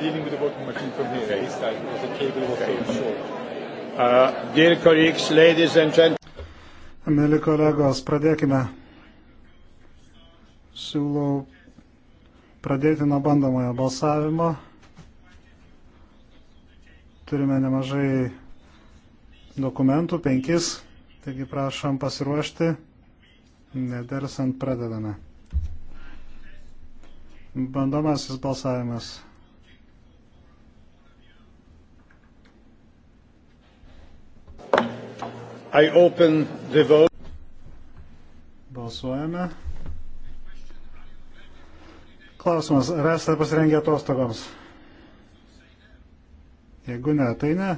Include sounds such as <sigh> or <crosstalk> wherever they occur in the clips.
dealing with the working machine from here okay. this time because the cable was okay. so short. Uh, dear colleagues, ladies and gentlemen. Mėly kolegos, pradėkime. Siūlau pradėti nuo bandomojo balsavimo. Turime nemažai dokumentų, penkis, taigi prašom pasiruošti. Nedersant pradedame. Bandomasis balsavimas. I open the vote. Balsuojame. Klausimas, ar esate pasirengę atostogoms? Jeigu ne, tai ne.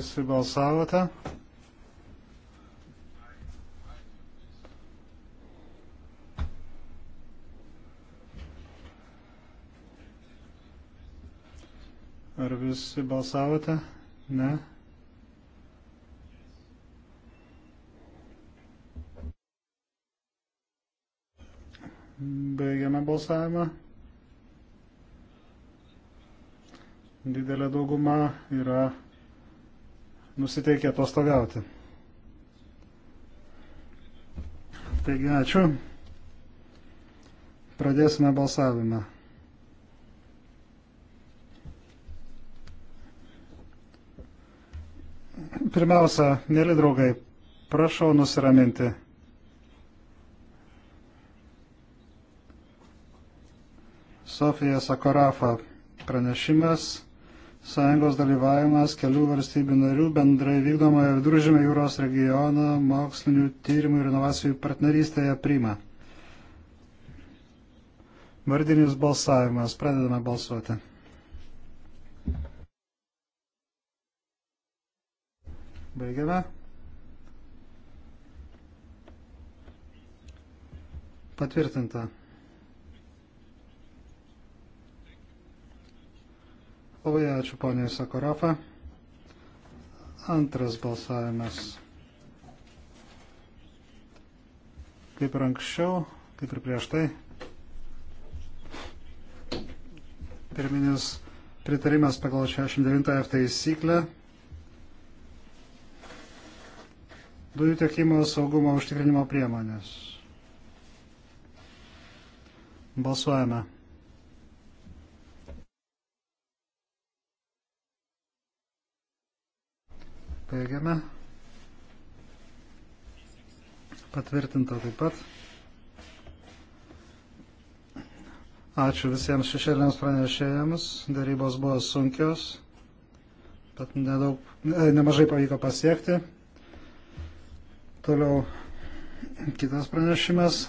visi balsavote? Ar visi balsavote? Ne. Baigiame balsavimą. Didelė dauguma yra nusiteikę atostogauti. Taigi, ačiū. Pradėsime balsavimą. Pirmiausia, mėly draugai, prašau nusiraminti. Sofija Sakorafa pranešimas sąjungos dalyvavimas kelių valstybių narių bendrai vykdomoje viduržėmio jūros regiono mokslinių tyrimų ir inovacijų partnerystėje priima. Vardinis balsavimas. Pradedame balsuoti. Baigiame. Patvirtinta. Labai ačiū poniai Sakorafa. Antras balsavimas. Kaip ir anksčiau, kaip ir prieš tai. Pirminis pritarimas pagal 69F taisyklę. Dujų tiekimo saugumo užtikrinimo priemonės. Balsuojame. Baigiame. Patvirtinta taip pat. Ačiū visiems šešėliams pranešėjams. Darybos buvo sunkios, bet nedaug, ne, nemažai pavyko pasiekti. Toliau kitas pranešimas.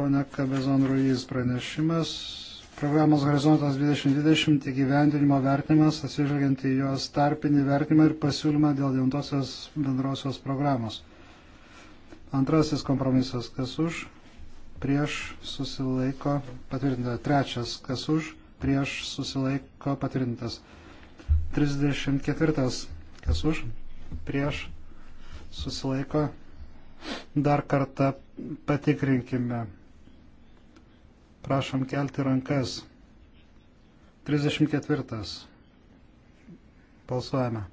Pone Kabezon Ruiz pranešimas programos Horizontas 2020 įgyvendinimo vertinimas, atsižvelgiant į jos tarpinį vertinimą ir pasiūlymą dėl 9 bendrosios programos. Antrasis kompromisas, kas už, prieš susilaiko patvirtinta. Trečias, kas už, prieš susilaiko patvirtintas. 34, kas už, prieš susilaiko. Dar kartą patikrinkime. Prašom kelti rankas. 34. Balsuojame.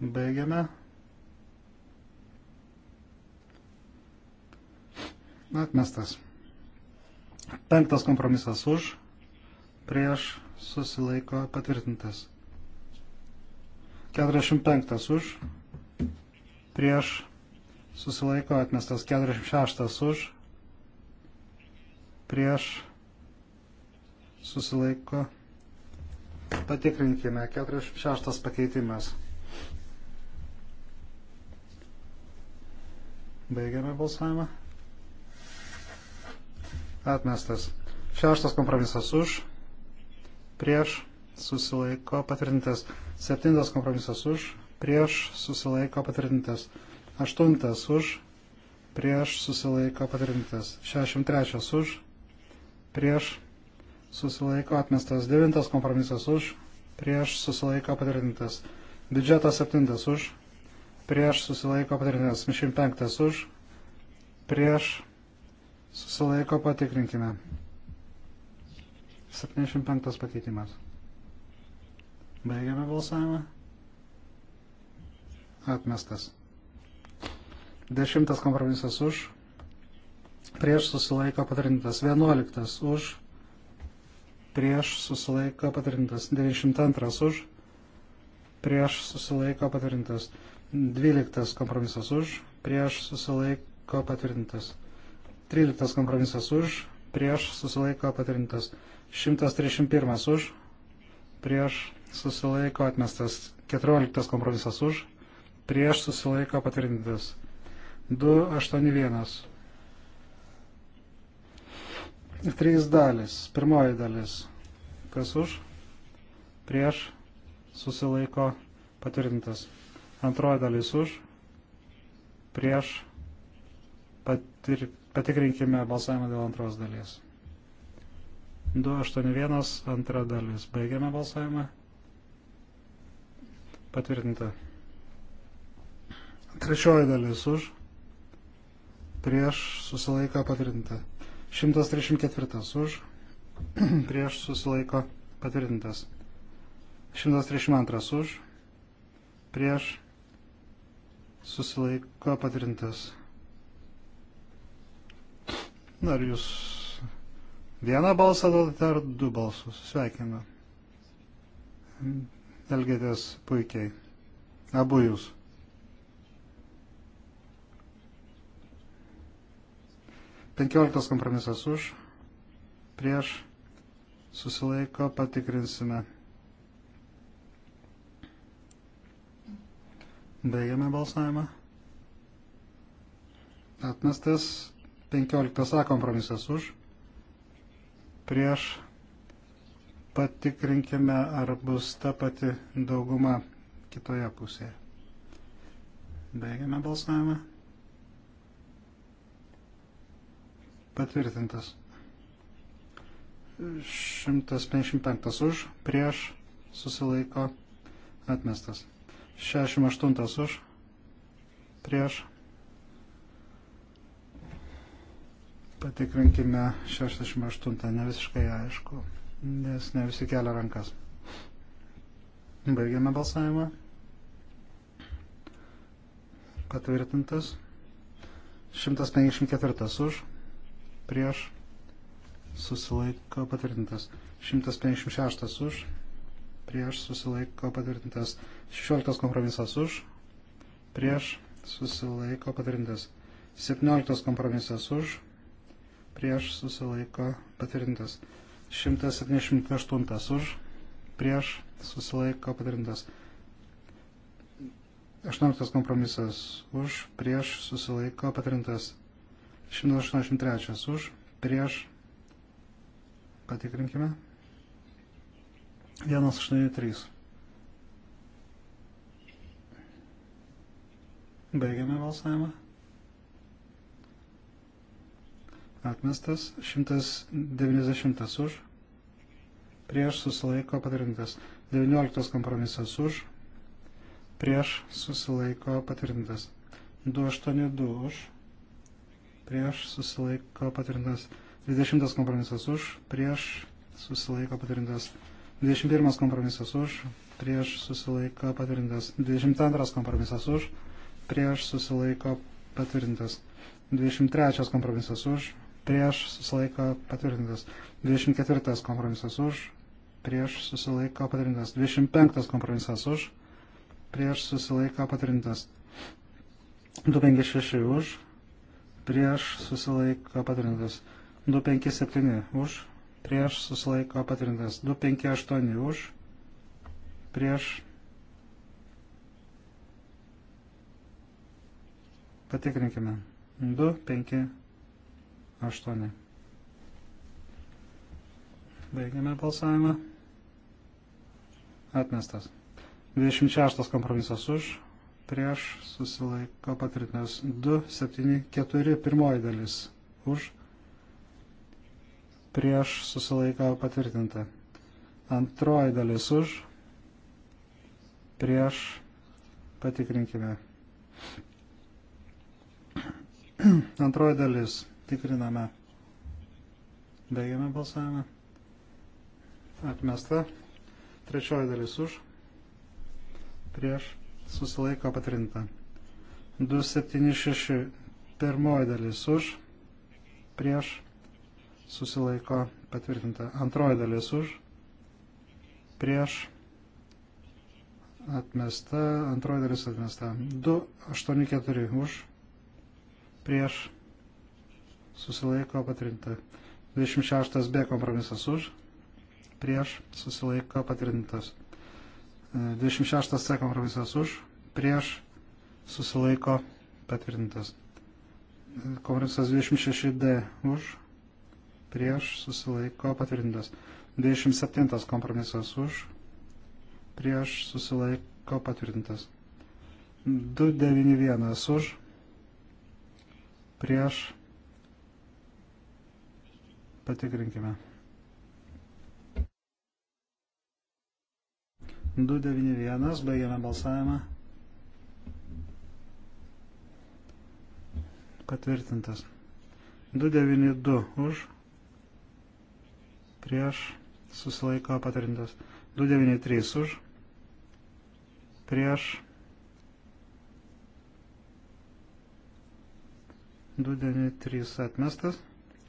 Baigiame. Atmestas. Penktas kompromisas už, prieš susilaiko patvirtintas. 45 už, prieš susilaiko atmestas 46 už, prieš susilaiko. Patikrinkime 46 pakeitimas. Baigiame balsavimą. Atmestas. Šeštas kompromisas už, prieš susilaiko patvirtintas. Septintas kompromisas už, prieš susilaiko patvirtintas. Aštuntas už, prieš susilaiko patvirtintas. 63 už, prieš susilaiko atmestas. 9 kompromisas už, prieš susilaiko patvirtintas. Biudžetas 7 už, prieš susilaiko patvirtintas. 105 už, prieš susilaiko patikrinkime. 75 pakeitimas. Baigiame balsavimą. Atmestas. Dešimtas kompromisas už. Prieš susilaiko patvirtintas. Vienuoliktas už. Prieš susilaiko patvirtintas. Devišimt antras už. Prieš susilaiko patvirtintas. Dvyliktas kompromisas už. Prieš susilaiko patvirtintas. Tryliktas kompromisas už. Prieš susilaiko patvirtintas. 131 už. Prieš susilaiko atmestas. 14 kompromisas už. Prieš susilaiko patvirtintas. 281. Trys dalis. Pirmoji dalis. Kas už? Prieš susilaiko patvirtintas. Antroji dalis už. Prieš patir, patikrinkime balsavimą dėl antros dalies. 281 antra dalis. Baigiame balsavimą. Patvirtinta. Trečioji dalis už prieš susilaiko patvirtinta. 134 <clears throat> už, prieš susilaiko patvirtintas. 132 už, prieš susilaiko patvirtintas. Ar jūs vieną balsą duodate ar du balsus? Sveikinu. Elgėtės puikiai. Abu jūs. 15 kompromisas už, prieš, susilaiko, patikrinsime. Baigiame balsavimą. Atmestas 15 A kompromisas už. Prieš patikrinkime, ar bus ta pati dauguma kitoje pusėje. Baigiame balsavimą. patvirtintas. 155 už, prieš, susilaiko, atmestas. 68 už, prieš. Patikrinkime 68, ne visiškai aišku, nes ne visi kelia rankas. Baigiame balsavimą. Patvirtintas. 154 už prieš susilaiko patvirtintas. 156 už, prieš susilaiko patvirtintas. 16 kompromisas už, prieš susilaiko patvirtintas. 17 kompromisas už, prieš susilaiko patvirtintas. 178 už, prieš susilaiko patvirtintas. 18 kompromisas už, prieš susilaiko patvirtintas. 183 už, prieš, patikrinkime. 183. Baigiame balsavimą. Atmestas 190 už, prieš susilaiko patvirtintas 19 kompromisas už, prieš susilaiko patvirtintas 282 už prieš susilaiko patvirtintas 20 kompromisas už, prieš susilaiko patvirtintas 21 kompromisas už, prieš susilaiko patvirtintas 22 kompromisas už, prieš susilaiko patvirtintas 23 kompromisas už, prieš susilaiko patvirtintas 24 kompromisas už, prieš susilaiko patvirtintas 25 kompromisas už, prieš susilaiko patvirtintas 256 už, prieš susilaiko patvirtintas 257 už, prieš susilaiko patvirtintas 258 už, prieš patikrinkime 258. Baigiame balsavimą. Atmestas. 26 kompromisas už, prieš susilaiko patvirtintas 2, 7, 4, pirmoji dalis už, prieš susilaiko patvirtinta. Antroji dalis už, prieš patikrinkime. <clears throat> Antroji dalis tikriname. Baigiame balsavimą. Atmesta. Trečioji dalis už. Prieš susilaiko patrinta. 276 pirmoji dalis už, prieš, susilaiko patvirtinta. Antroji dalis už, prieš, atmesta, antroji dalis atmesta. 284 už, prieš, susilaiko patvirtinta. 26 B kompromisas už, prieš, susilaiko patvirtintas. 26 C kompromisas už, prieš, susilaiko, patvirtintas. Kompromisas 26 D už, prieš, susilaiko, patvirtintas. 27 kompromisas už, prieš, susilaiko, patvirtintas. 291 už, prieš, patikrinkime. 291, baigiame balsavimą. Patvirtintas. 292 už, prieš, susilaiko patvirtintas. 293 už, prieš, 293 atmestas,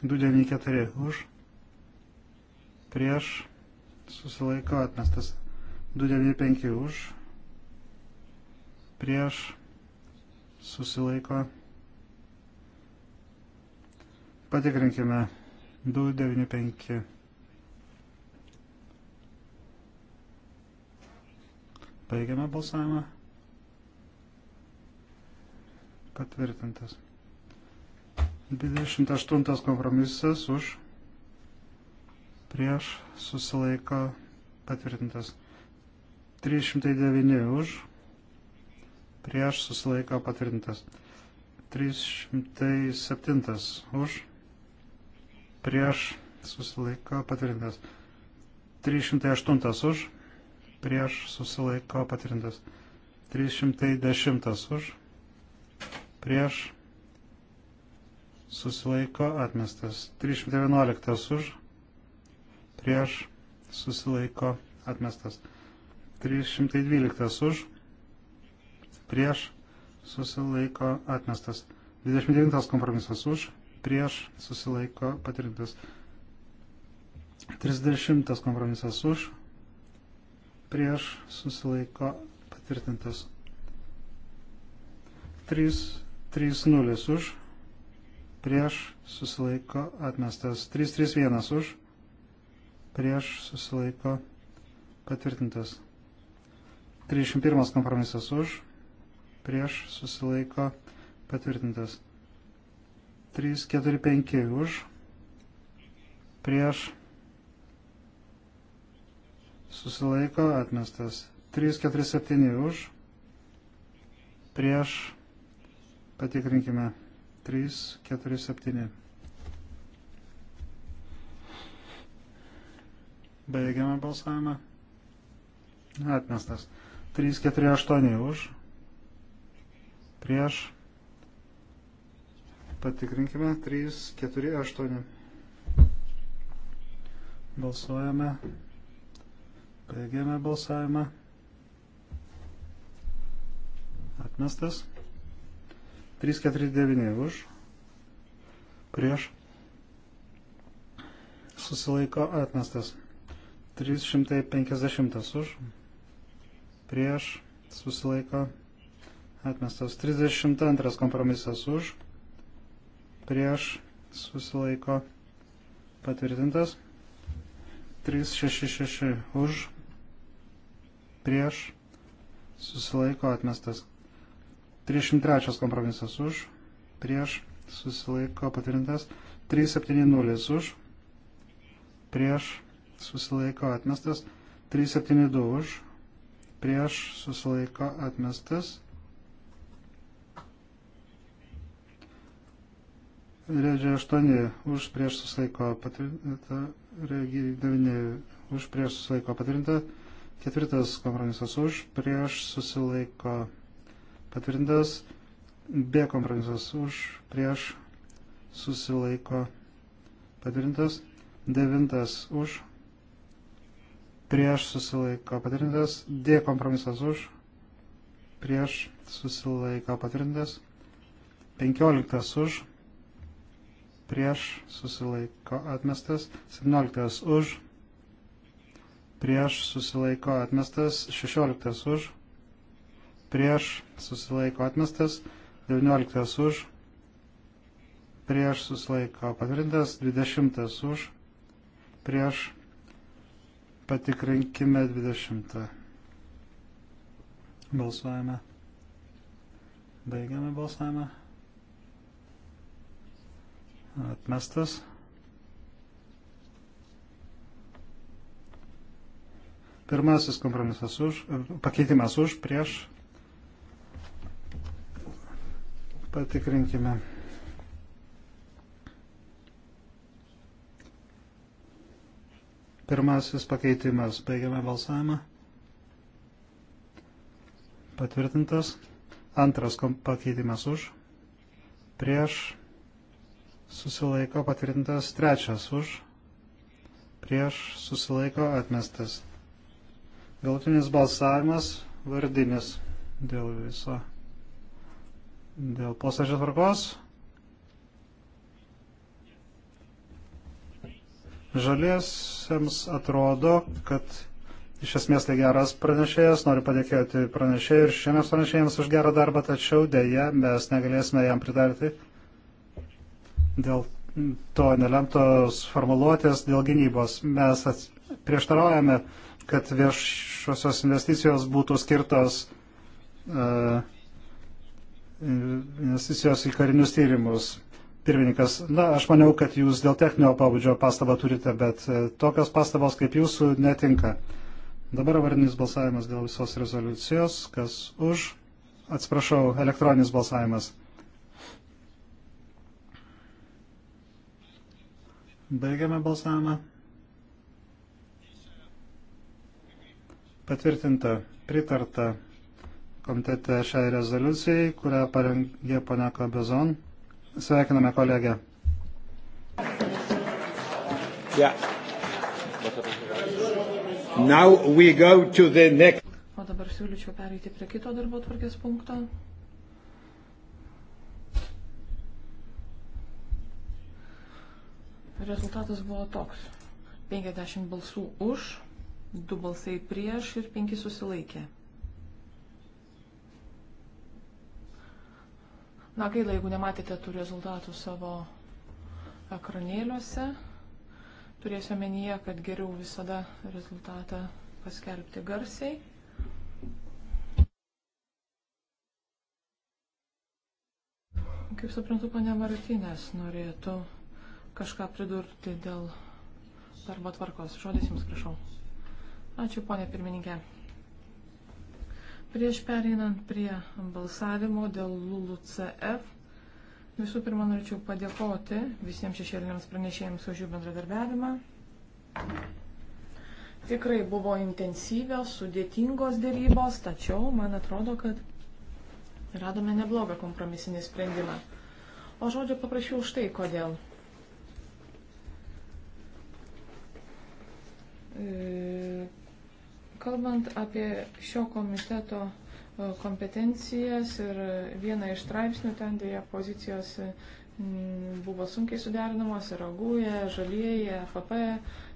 294 už, prieš, susilaiko atmestas. 295 už, prieš, susilaiko. Patikrinkime 295. Baigiame balsavimą. Patvirtintas. 28 kompromisas už prieš susilaiko patvirtintas. 309 už, prieš susilaiko patvirtintas. 307 už, prieš susilaiko patvirtintas. 308 už, prieš susilaiko patvirtintas. 310 už, prieš susilaiko atmestas. 311 už, prieš susilaiko atmestas. 312 už, prieš, susilaiko atmestas. 29 kompromisas už, prieš, susilaiko patvirtintas. 30 kompromisas už, prieš, susilaiko patvirtintas. 3, 3, 0 už, prieš, susilaiko atmestas. 3, 3, 1 už, prieš, susilaiko patvirtintas. 31 kompromisas už, prieš susilaiko patvirtintas. 3, 4, 5 už, prieš susilaiko atmestas. 3, 4, 7 už, prieš patikrinkime. 3, 4, 7. Baigiame balsavimą. Atmestas. 348 už. Prieš. Patikrinkime. 348. Balsuojame. Baigiame balsavimą. Atmestas. 349 už. Prieš. Susilaiko atmestas. 350 už prieš, susilaiko, atmestas. 32 kompromisas už, prieš, susilaiko, patvirtintas. 366 už, prieš, susilaiko, atmestas. 303 kompromisas už, prieš, susilaiko, patvirtintas. 370 už, prieš, susilaiko, atmestas. 372 už, prieš susilaiko atmestas. Regi 8 už prieš susilaiko patvirtinta, regi 9 už prieš susilaiko patvirtinta, ketvirtas kompromisas už prieš susilaiko patvirtintas, B kompromisas už prieš susilaiko patvirtintas, devintas už prieš susilaiko patvirtintas, D kompromisas už, prieš susilaiko patvirtintas, 15 už, prieš susilaiko atmestas, 17 už, prieš susilaiko atmestas, 16 už, prieš susilaiko atmestas, 19 už, prieš susilaiko patvirtintas, 20 už, prieš Patikrinkime 20. Balsuojame. Baigiame balsavimą. Atmestas. Pirmasis kompromisas už, pakeitimas už, prieš. Patikrinkime. Pirmasis pakeitimas. Baigiame balsavimą. Patvirtintas. Antras pakeitimas už. Prieš. Susilaiko patvirtintas. Trečias už. Prieš. Susilaiko atmestas. Galutinis balsavimas vardinis dėl viso. Dėl posėdžio tvarkos. Žaliesiems atrodo, kad iš esmės tai geras pranešėjas, noriu padėkėti pranešėjai ir šiems pranešėjams už gerą darbą, tačiau dėja mes negalėsime jam pritarti dėl to nelemtos formuluotės dėl gynybos. Mes prieštaraujame, kad viešosios investicijos būtų skirtos uh, investicijos į karinius tyrimus. Pirmininkas, na, aš maniau, kad jūs dėl techninio pabudžio pastabą turite, bet e, tokios pastabos kaip jūsų netinka. Dabar vardinis balsavimas dėl visos rezoliucijos. Kas už? Atsiprašau, elektroninis balsavimas. Baigiame balsavimą. Patvirtinta, pritarta komitete šiai rezoliucijai, kurią parengė ponia Kabezon. Sveikiname kolegę. Yeah. O dabar siūlyčiau pereiti prie kito darbo tvarkės punkto. Rezultatas buvo toks. 50 balsų už, 2 balsai prieš ir 5 susilaikė. Na gaila, jeigu nematėte tų rezultatų savo ekranėliuose. Turėsiu omenyje, kad geriau visada rezultatą paskelbti garsiai. Kaip suprantu, ponia Martinės norėtų kažką pridurti dėl darbo tvarkos. Žodis jums prašau. Ačiū, ponė pirmininkė. Prieš pereinant prie balsavimo dėl LULUCF, visų pirma norėčiau padėkoti visiems šešėliniams pranešėjams už jų bendradarbiavimą. Tikrai buvo intensyvios, sudėtingos dėrybos, tačiau man atrodo, kad radome neblogą kompromisinį sprendimą. O žodžio paprašiau štai kodėl. E, Kalbant apie šio komiteto e, kompetencijas ir vieną iš straipsnių ten dėja pozicijos e, buvo sunkiai suderinamos ir agūje, žalieji, FP,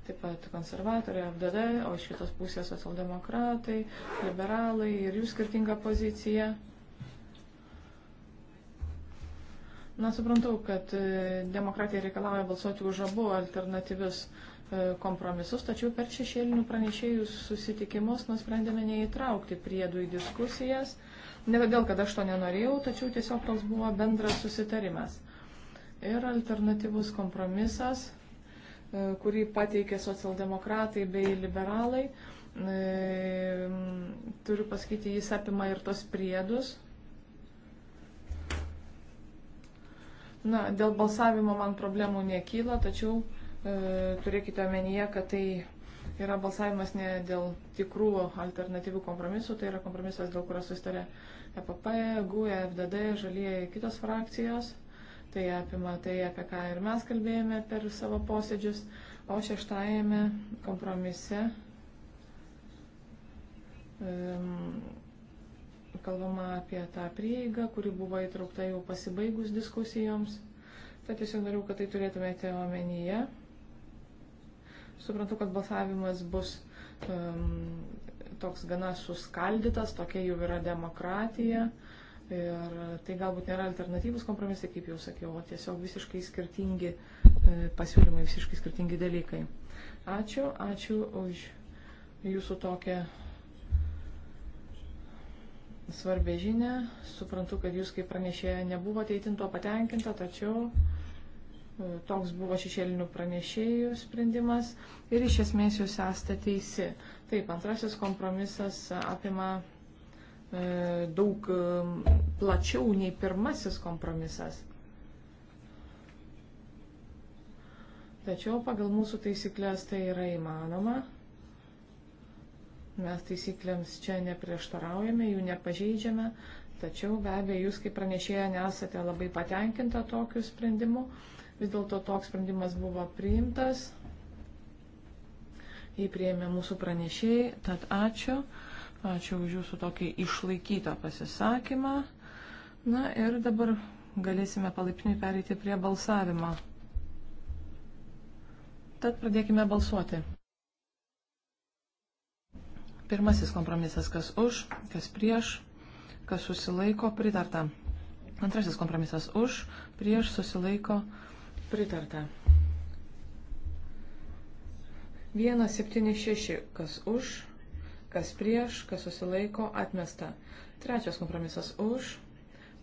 taip pat konservatoriai, FDD, o iš kitos pusės socialdemokratai, liberalai ir jų skirtinga pozicija. Na, suprantu, kad e, demokratija reikalauja balsuoti už abu alternatyvius uh, E, kompromisus, tačiau per šešėlinių pranešėjų susitikimus nusprendėme neįtraukti priedų į diskusijas. Ne todėl, kad aš to nenorėjau, tačiau tiesiog toks buvo bendras susitarimas. Ir alternatyvus kompromisas, e, kurį pateikė socialdemokratai bei liberalai, e, turiu pasakyti, jis apima ir tos priedus, Na, dėl balsavimo man problemų nekyla, tačiau E, turėkite omenyje, kad tai yra balsavimas ne dėl tikrų alternatyvių kompromisų, tai yra kompromisas, dėl kurio susitarė EPP, GUE, FDD, žalieji kitos frakcijos. Tai apima tai, apie ką ir mes kalbėjome per savo posėdžius. O šeštajame kompromise um, kalbama apie tą prieigą, kuri buvo įtraukta jau pasibaigus diskusijoms. Tad tiesiog noriu, kad tai turėtumėte omenyje. Suprantu, kad balsavimas bus um, toks gana suskaldytas, tokia jau yra demokratija. Ir tai galbūt nėra alternatyvus kompromisai, kaip jau sakiau, o tiesiog visiškai skirtingi e, pasiūlymai, visiškai skirtingi dalykai. Ačiū, ačiū už jūsų tokią svarbę žinę. Suprantu, kad jūs kaip pranešėja nebuvote įtinto patenkinta, tačiau E, toks buvo šešėlinių pranešėjų sprendimas ir iš esmės jūs esate teisi. Taip, antrasis kompromisas apima e, daug e, plačiau nei pirmasis kompromisas. Tačiau pagal mūsų taisyklės tai yra įmanoma. Mes taisyklėms čia neprieštaraujame, jų nepažeidžiame, tačiau be abejo jūs kaip pranešėja nesate labai patenkinta tokiu sprendimu. Vis dėlto toks sprendimas buvo priimtas. Jį prieėmė mūsų pranešėjai, tad ačiū. Ačiū už jūsų tokį išlaikytą pasisakymą. Na ir dabar galėsime palaipsniui pereiti prie balsavimo. Tad pradėkime balsuoti. Pirmasis kompromisas, kas už, kas prieš, kas susilaiko, pritarta. Antrasis kompromisas už, prieš, susilaiko, pritarta. Pritarta. 176. Kas už, kas prieš, kas susilaiko, atmesta. Trečias kompromisas už,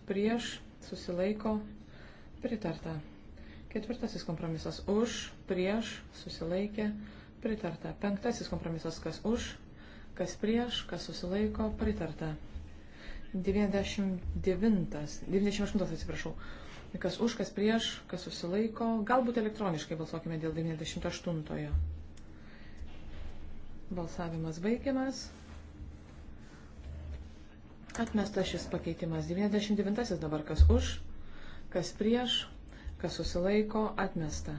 prieš, susilaiko, pritarta. Ketvirtasis kompromisas už, prieš, susilaikė, pritarta. Penktasis kompromisas kas už, kas prieš, kas susilaiko, pritarta. 99, 98 atsiprašau. Kas už, kas prieš, kas susilaiko. Galbūt elektroniškai balsuokime dėl 98-ojo. Balsavimas baigiamas. Atmestas šis pakeitimas. 99-asis dabar kas už, kas prieš, kas susilaiko, atmesta.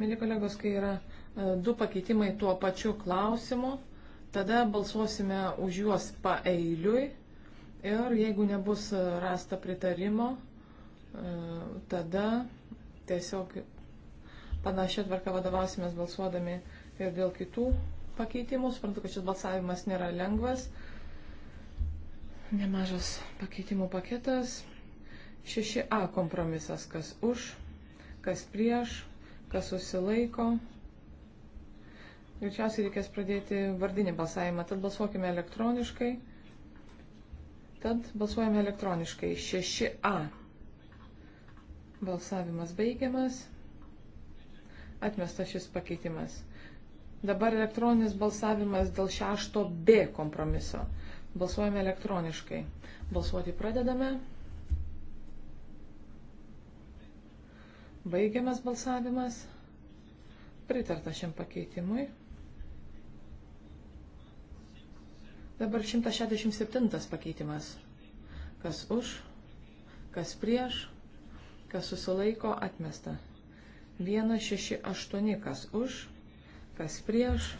Mėly kolegos, kai yra e, du pakeitimai tuo pačiu klausimu, tada balsuosime už juos paeiliui Ir jeigu nebus e, rasta pritarimo, e, tada tiesiog panašia tvarka vadovausimės balsuodami ir dėl kitų pakeitimų. Suprantu, kad šis balsavimas nėra lengvas. Nemažas pakeitimų paketas. 6A kompromisas, kas už, kas prieš, kas susilaiko. Greičiausiai reikės pradėti vardinį balsavimą, tad balsuokime elektroniškai. Tad balsuojame elektroniškai. 6A. Balsavimas baigiamas. Atmestas šis pakeitimas. Dabar elektroninis balsavimas dėl 6B kompromiso. Balsuojame elektroniškai. Balsuoti pradedame. Baigiamas balsavimas. Pritarta šiam pakeitimui. Dabar 167 pakeitimas. Kas už, kas prieš, kas susilaiko atmesta. 168 kas už, kas prieš,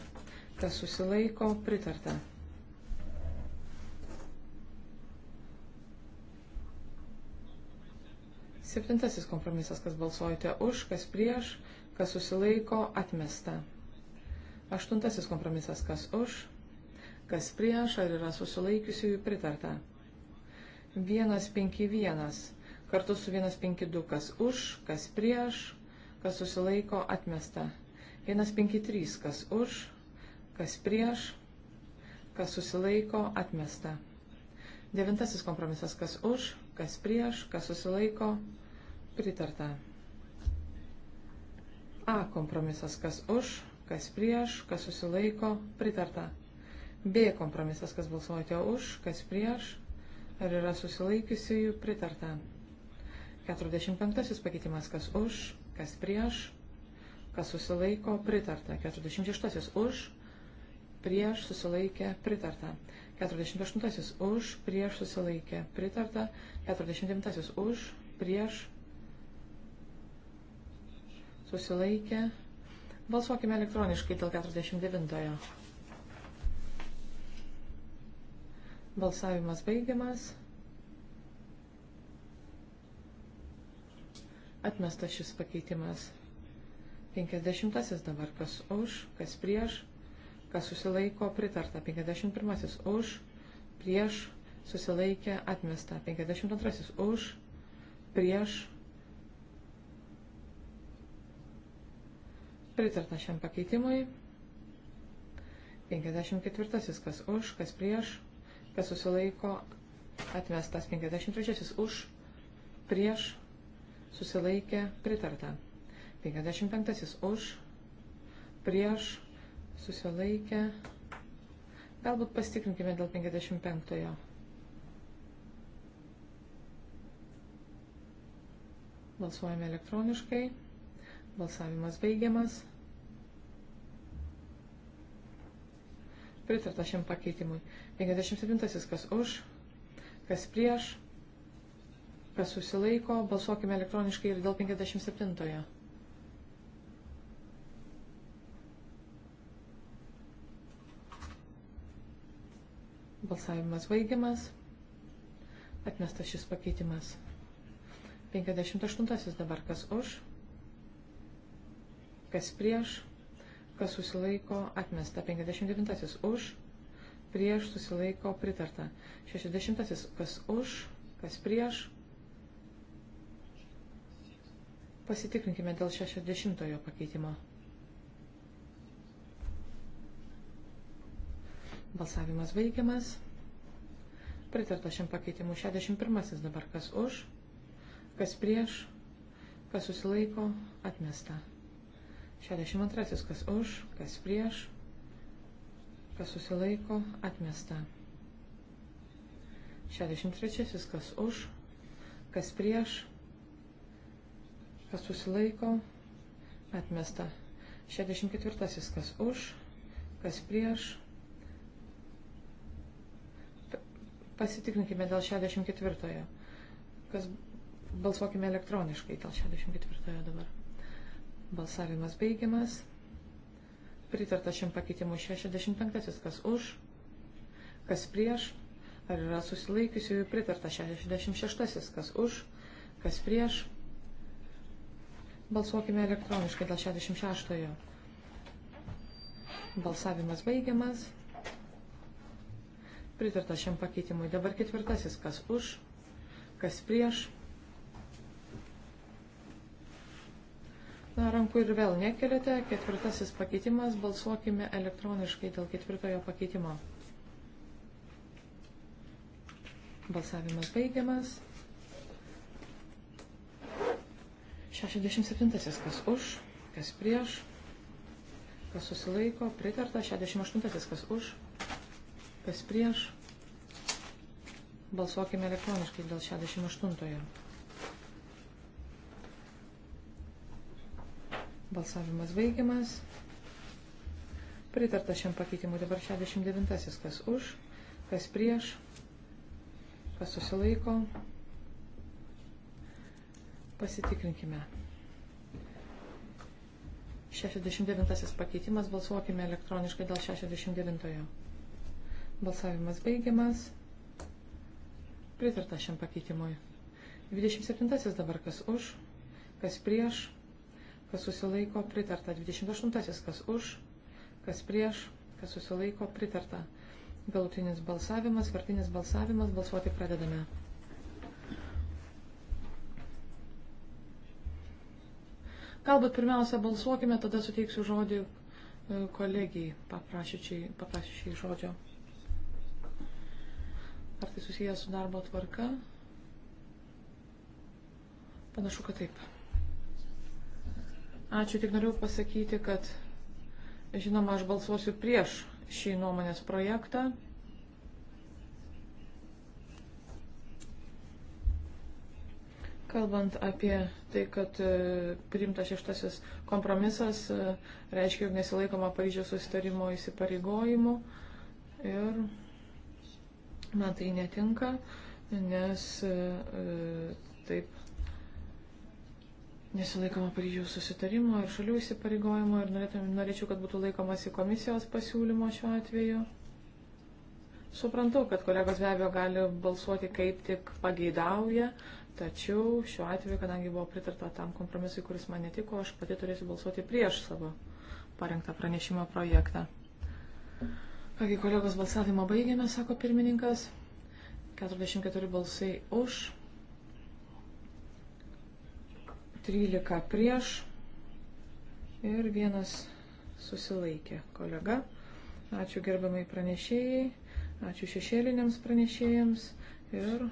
kas susilaiko pritarta. Septintasis kompromisas, kas balsuojate už, kas prieš, kas susilaiko atmesta. Aštuntasis kompromisas, kas už, kas prieš, ar yra susilaikiusiųjų pritarta. 151 kartu su 152, kas už, kas prieš, kas susilaiko atmesta. 153, kas už, kas prieš, kas susilaiko atmesta. Devintasis kompromisas, kas už, kas prieš, kas susilaiko pritarta. A kompromisas, kas už, kas prieš, kas susilaiko pritarta. B kompromisas, kas balsuojate už, kas prieš, ar yra susilaikiusiųjų pritarta. 45 pakeitimas, kas už, kas prieš, kas susilaiko, pritarta. 46 už, prieš, susilaikė, pritarta. 48 už, prieš, susilaikė, pritarta. 49 už, prieš, susilaikė. Balsuokime elektroniškai dėl 49. -ojo. Balsavimas baigiamas. Atmestas šis pakeitimas. 50 dabar kas už, kas prieš, kas susilaiko pritarta. 51 už, prieš, susilaikė atmesta. 52 už, prieš, pritarta šiam pakeitimui. 54 kas už, kas prieš, kas susilaiko, atmestas 53 už, prieš, susilaikė, pritarta. 55 už, prieš, susilaikė. Galbūt pastikrinkime dėl 55-ojo. Balsuojame elektroniškai. Balsavimas baigiamas. pritarta šiam pakeitimui. 57. Kas už, kas prieš, kas susilaiko, balsuokime elektroniškai ir dėl 57. -ojo. Balsavimas baigiamas. Atmestas šis pakeitimas. 58 dabar kas už, kas prieš, kas susilaiko atmesta. 59 už, prieš susilaiko pritarta. 60 kas už, kas prieš. Pasitikrinkime dėl 60 pakeitimo. Balsavimas baigiamas. Pritarta šiam pakeitimu 61 dabar kas už, kas prieš, kas susilaiko, atmesta. 62. Kas už, kas prieš, kas susilaiko, atmesta. 63. Kas už, kas prieš, kas susilaiko, atmesta. 64. Kas už, kas prieš. Pasitikrinkime dėl 64. Kas balsuokime elektroniškai dėl 64 dabar. Balsavimas baigiamas. Pritarta šiam pakeitimui 65, kas už, kas prieš, ar yra susilaikiusiųjų pritarta 66, kas už, kas prieš. Balsuokime elektroniškai dėl 66. Balsavimas baigiamas. Pritarta šiam pakeitimui. Dabar ketvirtasis, kas už, kas prieš. Rankų ir vėl nekeliate. Ketvirtasis pakeitimas. Balsuokime elektroniškai dėl ketvirtojo pakeitimo. Balsavimas baigiamas. 67. Kas už, kas prieš, kas susilaiko. Pritarta. 68. Kas už, kas prieš. Balsuokime elektroniškai dėl 68. Balsavimas baigiamas. Pritarta šiam pakeitimui dabar 69. Kas už, kas prieš, kas susilaiko. Pasitikrinkime. 69 pakeitimas, balsuokime elektroniškai dėl 69. Balsavimas baigiamas. Pritarta šiam pakeitimui. 27 dabar kas už, kas prieš, kas susilaiko pritarta. 28. kas už, kas prieš, kas susilaiko pritarta. Galutinis balsavimas, vartinis balsavimas, balsuoti pradedame. Galbūt pirmiausia balsuokime, tada suteiksiu žodį e, kolegijai, paprašyčiai žodžio. Ar tai susijęs su darbo tvarka? Panašu, kad taip. Ačiū, tik noriu pasakyti, kad žinoma, aš balsuosiu prieš šį nuomonės projektą. Kalbant apie tai, kad e, priimtas šeštasis kompromisas e, reiškia, jog nesilaikoma Paryžiaus susitarimo įsipareigojimų ir man tai netinka, nes e, taip nesilaikoma Paryžiaus susitarimo ir šalių įsipareigojimo ir norėčiau, kad būtų laikomasi komisijos pasiūlymo šiuo atveju. Suprantu, kad kolegos be abejo gali balsuoti kaip tik pageidauja, tačiau šiuo atveju, kadangi buvo pritarta tam kompromisui, kuris man netiko, aš pati turėsiu balsuoti prieš savo parengtą pranešimo projektą. Kągi kolegos balsavimą baigėme, sako pirmininkas. 44 balsai už, 13 prieš ir vienas susilaikė kolega. Ačiū gerbiamai pranešėjai, ačiū šešėliniams pranešėjams ir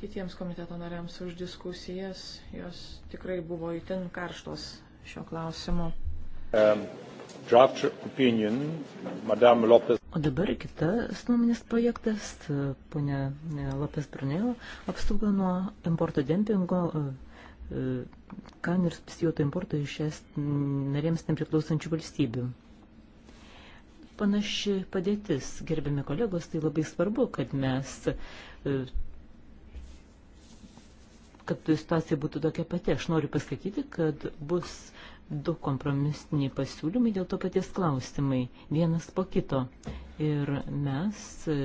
kitiems komiteto nariams už diskusijas. Jos tikrai buvo įtin karštos šio klausimu. Um, opinion, o dabar kitas nuomonės projektas, ponia Lopes Brunello, apsauga nuo importo dempingo kanų ir spisijoto importo iš es narėms nepriklausančių valstybių. Panaši padėtis, gerbiami kolegos, tai labai svarbu, kad mes e, kad situacija būtų tokia pati. Aš noriu pasakyti, kad bus du kompromisiniai pasiūlymai dėl to paties klausimai, vienas po kito. Ir mes e,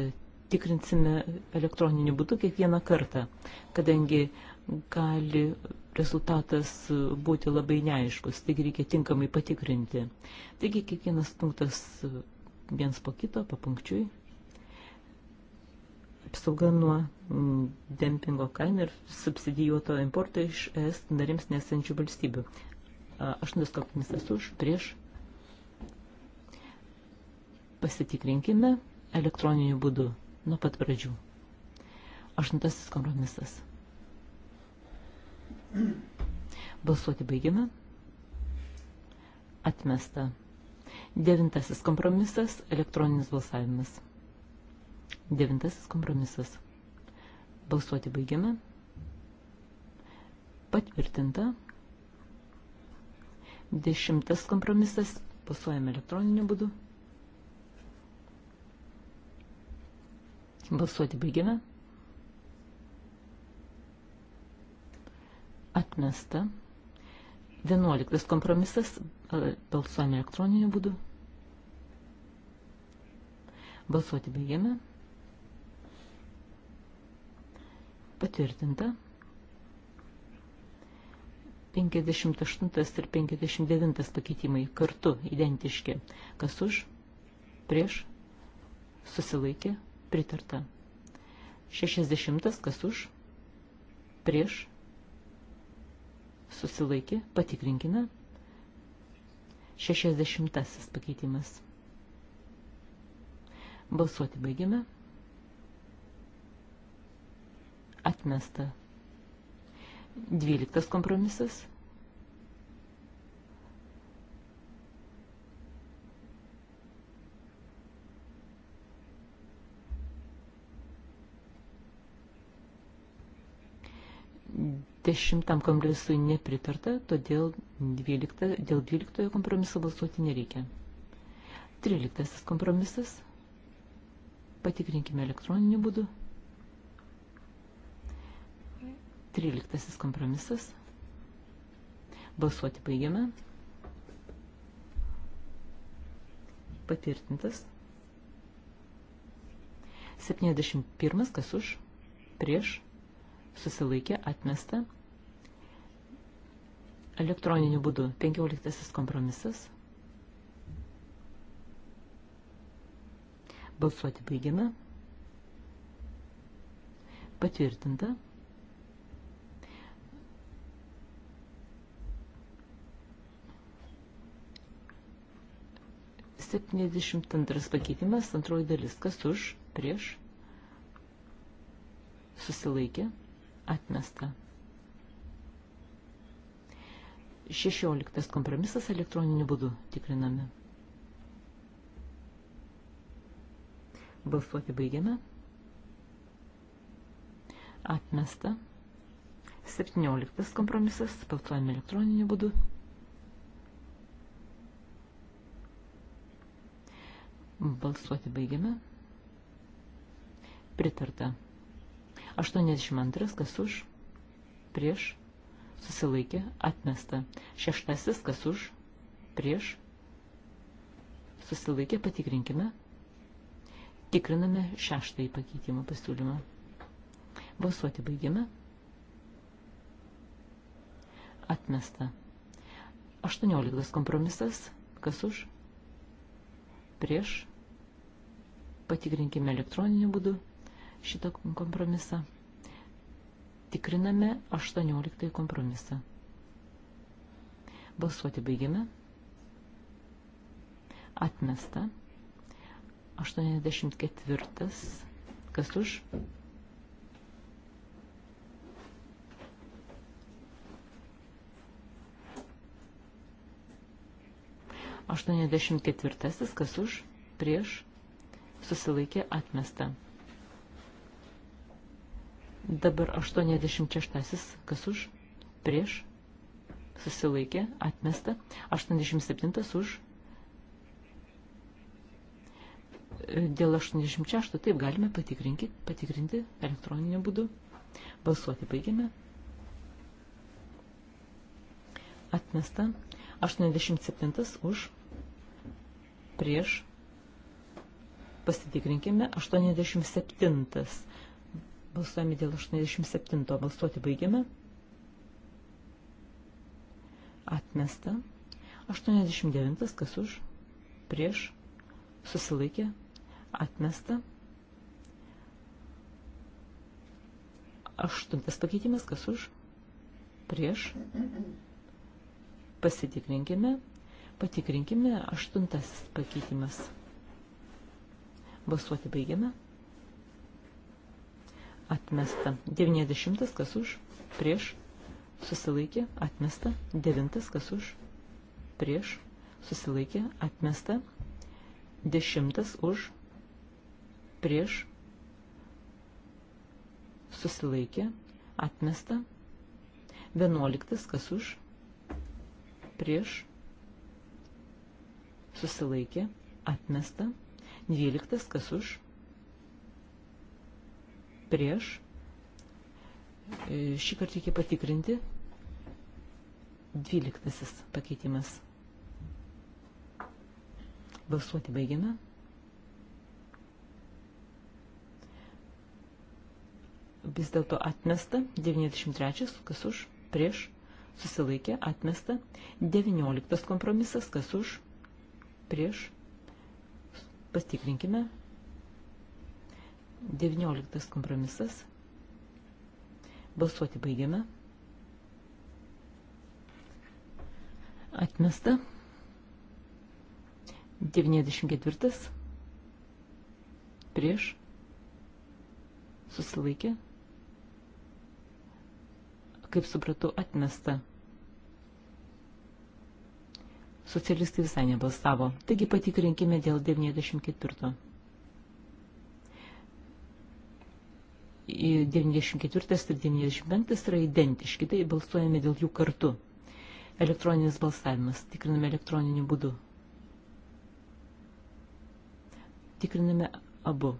tikrinsime elektroniniu būdu kiekvieną kartą, kadangi gali rezultatas būti labai neaiškus, taigi reikia tinkamai patikrinti. Taigi kiekvienas punktas viens po kito, papunkčiui. Apsauga nuo mm, dempingo kainų ir subsidijuoto importo iš ES narims nesančių valstybių. Aštuntas kompromisas už, prieš. Pasitikrinkime elektroniniu būdu nuo pat pradžių. Aštuntasis kompromisas. <clears throat> Balsuoti baigiame. Atmesta. Devintasis kompromisas – elektroninis balsavimas. Devintasis kompromisas. Balsuoti baigiame. Patvirtinta. Dešimtas kompromisas – balsuojame elektroniniu būdu. Balsuoti baigiame. Atmesta. Vienuoliktas kompromisas. E, balsuojame elektroniniu būdu. Balsuoti baigiame. Patvirtinta. 58 ir 59 pakeitimai kartu identiški. Kas už, prieš, susilaikė, pritarta. 60 kas už, prieš, susilaikė, patikrinkime. 60 pakeitimas. Balsuoti baigiame. Atmesta. 12 kompromisas. dešimtam kompromisui nepritarta, todėl 12, dėl 12 kompromiso balsuoti nereikia. 13 kompromisas. Patikrinkime elektroniniu būdu. 13 kompromisas. Balsuoti baigiame. Patvirtintas. 71 kas už, prieš, susilaikė, atmesta. Elektroniniu būdu 15 kompromisas. Balsuoti baigiame. Patvirtinta. Septyniasdešimt antras pakeitimas, antroji dalis, kas už, prieš, susilaikė, atmesta. 16 kompromisas elektroniniu būdu tikriname. Balsuoti baigiame. Atmesta. 17 kompromisas, balsuojame elektroniniu būdu. Balsuoti baigiame. Pritarta. 82, kas už, prieš, susilaikė, atmesta. Šeštasis, kas už, prieš, susilaikė, patikrinkime. Tikriname šeštąjį pakeitimą pasiūlymą. Balsuoti baigiame. Atmesta. 18 kompromisas. Kas už? Prieš. Patikrinkime elektroniniu būdu šitą kompromisą. Tikriname 18 kompromisą. Balsuoti baigiame. Atmesta. 84. Kas už? Aštuoniasdešimt ketvirtasis, kas už, prieš, susilaikė atmestą. Dabar 86. Kas už? Prieš. Susilaikė. Atmesta. 87. Už. Dėl 86. Taip, galime patikrinti, patikrinti elektroninio būdu. Balsuoti baigiame. Atmesta. 87. Už. Prieš. Pasitikrinkime. 87 Balsuojame dėl 87. Balsuoti baigiame. Atmesta. 89. Kas už? Prieš. Susilaikė. Atmesta. 8. Pakeitimas. Kas už? Prieš. Pasitikrinkime. Patikrinkime. 8. Pakeitimas. Balsuoti baigiame atmesta. 90 kas už, prieš, susilaikė, atmesta. 9 kas už, prieš, susilaikė, atmesta. 10 už, prieš, susilaikė, atmesta. 11 kas už, prieš, susilaikė, atmesta. 12 kas už, prieš. E, šį kartą reikia patikrinti. Dvyliktasis pakeitimas. Balsuoti baigiame. Vis dėlto atmesta. 93. Kas už? Prieš. Susilaikė. Atmesta. 19. Kompromisas. Kas už? Prieš. Pastikrinkime. Prieš 19 kompromisas. Balsuoti baigiame. Atmesta. 94. Prieš. Susilaikė. Kaip supratau, atmesta. Socialistai visai nebalsavo. Taigi patikrinkime dėl 94. 94 ir 95 yra identiški, tai balsuojame dėl jų kartu. Elektroninis balsavimas. Tikriname elektroniniu būdu. Tikriname abu.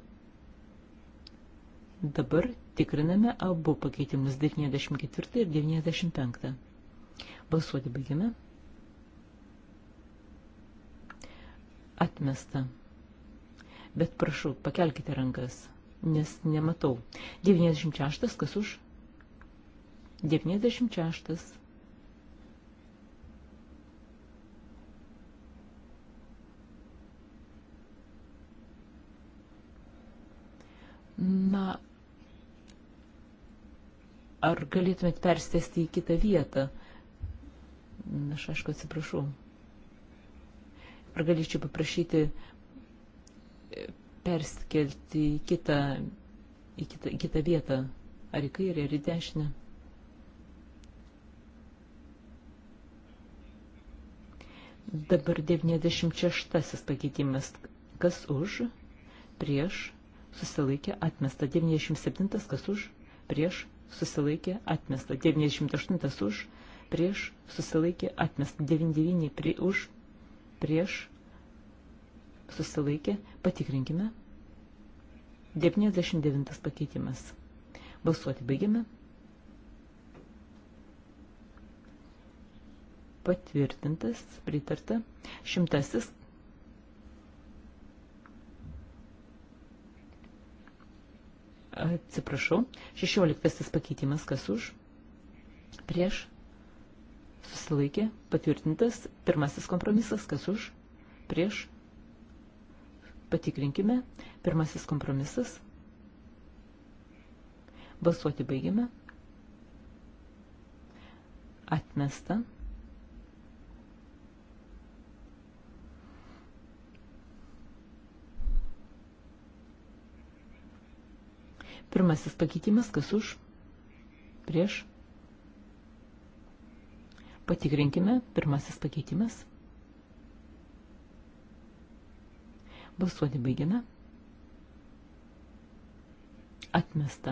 Dabar tikriname abu pakeitimus 94 ir 95. Balsuoti baigiame. Atmesta. Bet prašau, pakelkite rankas nes nematau. 96, kas už? 96. Na, ar galėtumėt persėsti į kitą vietą? Na, aš aišku atsiprašau. Ar galėčiau paprašyti perskelti į kitą, į kitą, į kitą vietą, ar į kairę, ar į dešinę. Dabar 96 pakeitimas. Kas už, prieš, susilaikė, atmesta. 97 kas už, prieš, susilaikė, atmesta. 98 už, prieš, susilaikė, atmesta. 99 prie, už, prieš, susilaikė, patikrinkime. 99 pakeitimas. Balsuoti baigiame. Patvirtintas, pritarta. Šimtasis. Atsiprašau. Šešioliktasis pakeitimas, kas už? Prieš. Susilaikė, patvirtintas. Pirmasis kompromisas, kas už? Prieš Patikrinkime. Pirmasis kompromisas. Balsuoti baigime. Atmesta. Pirmasis pakeitimas, kas už, prieš. Patikrinkime, pirmasis pakeitimas. Balsuoti baigiame. Atmesta.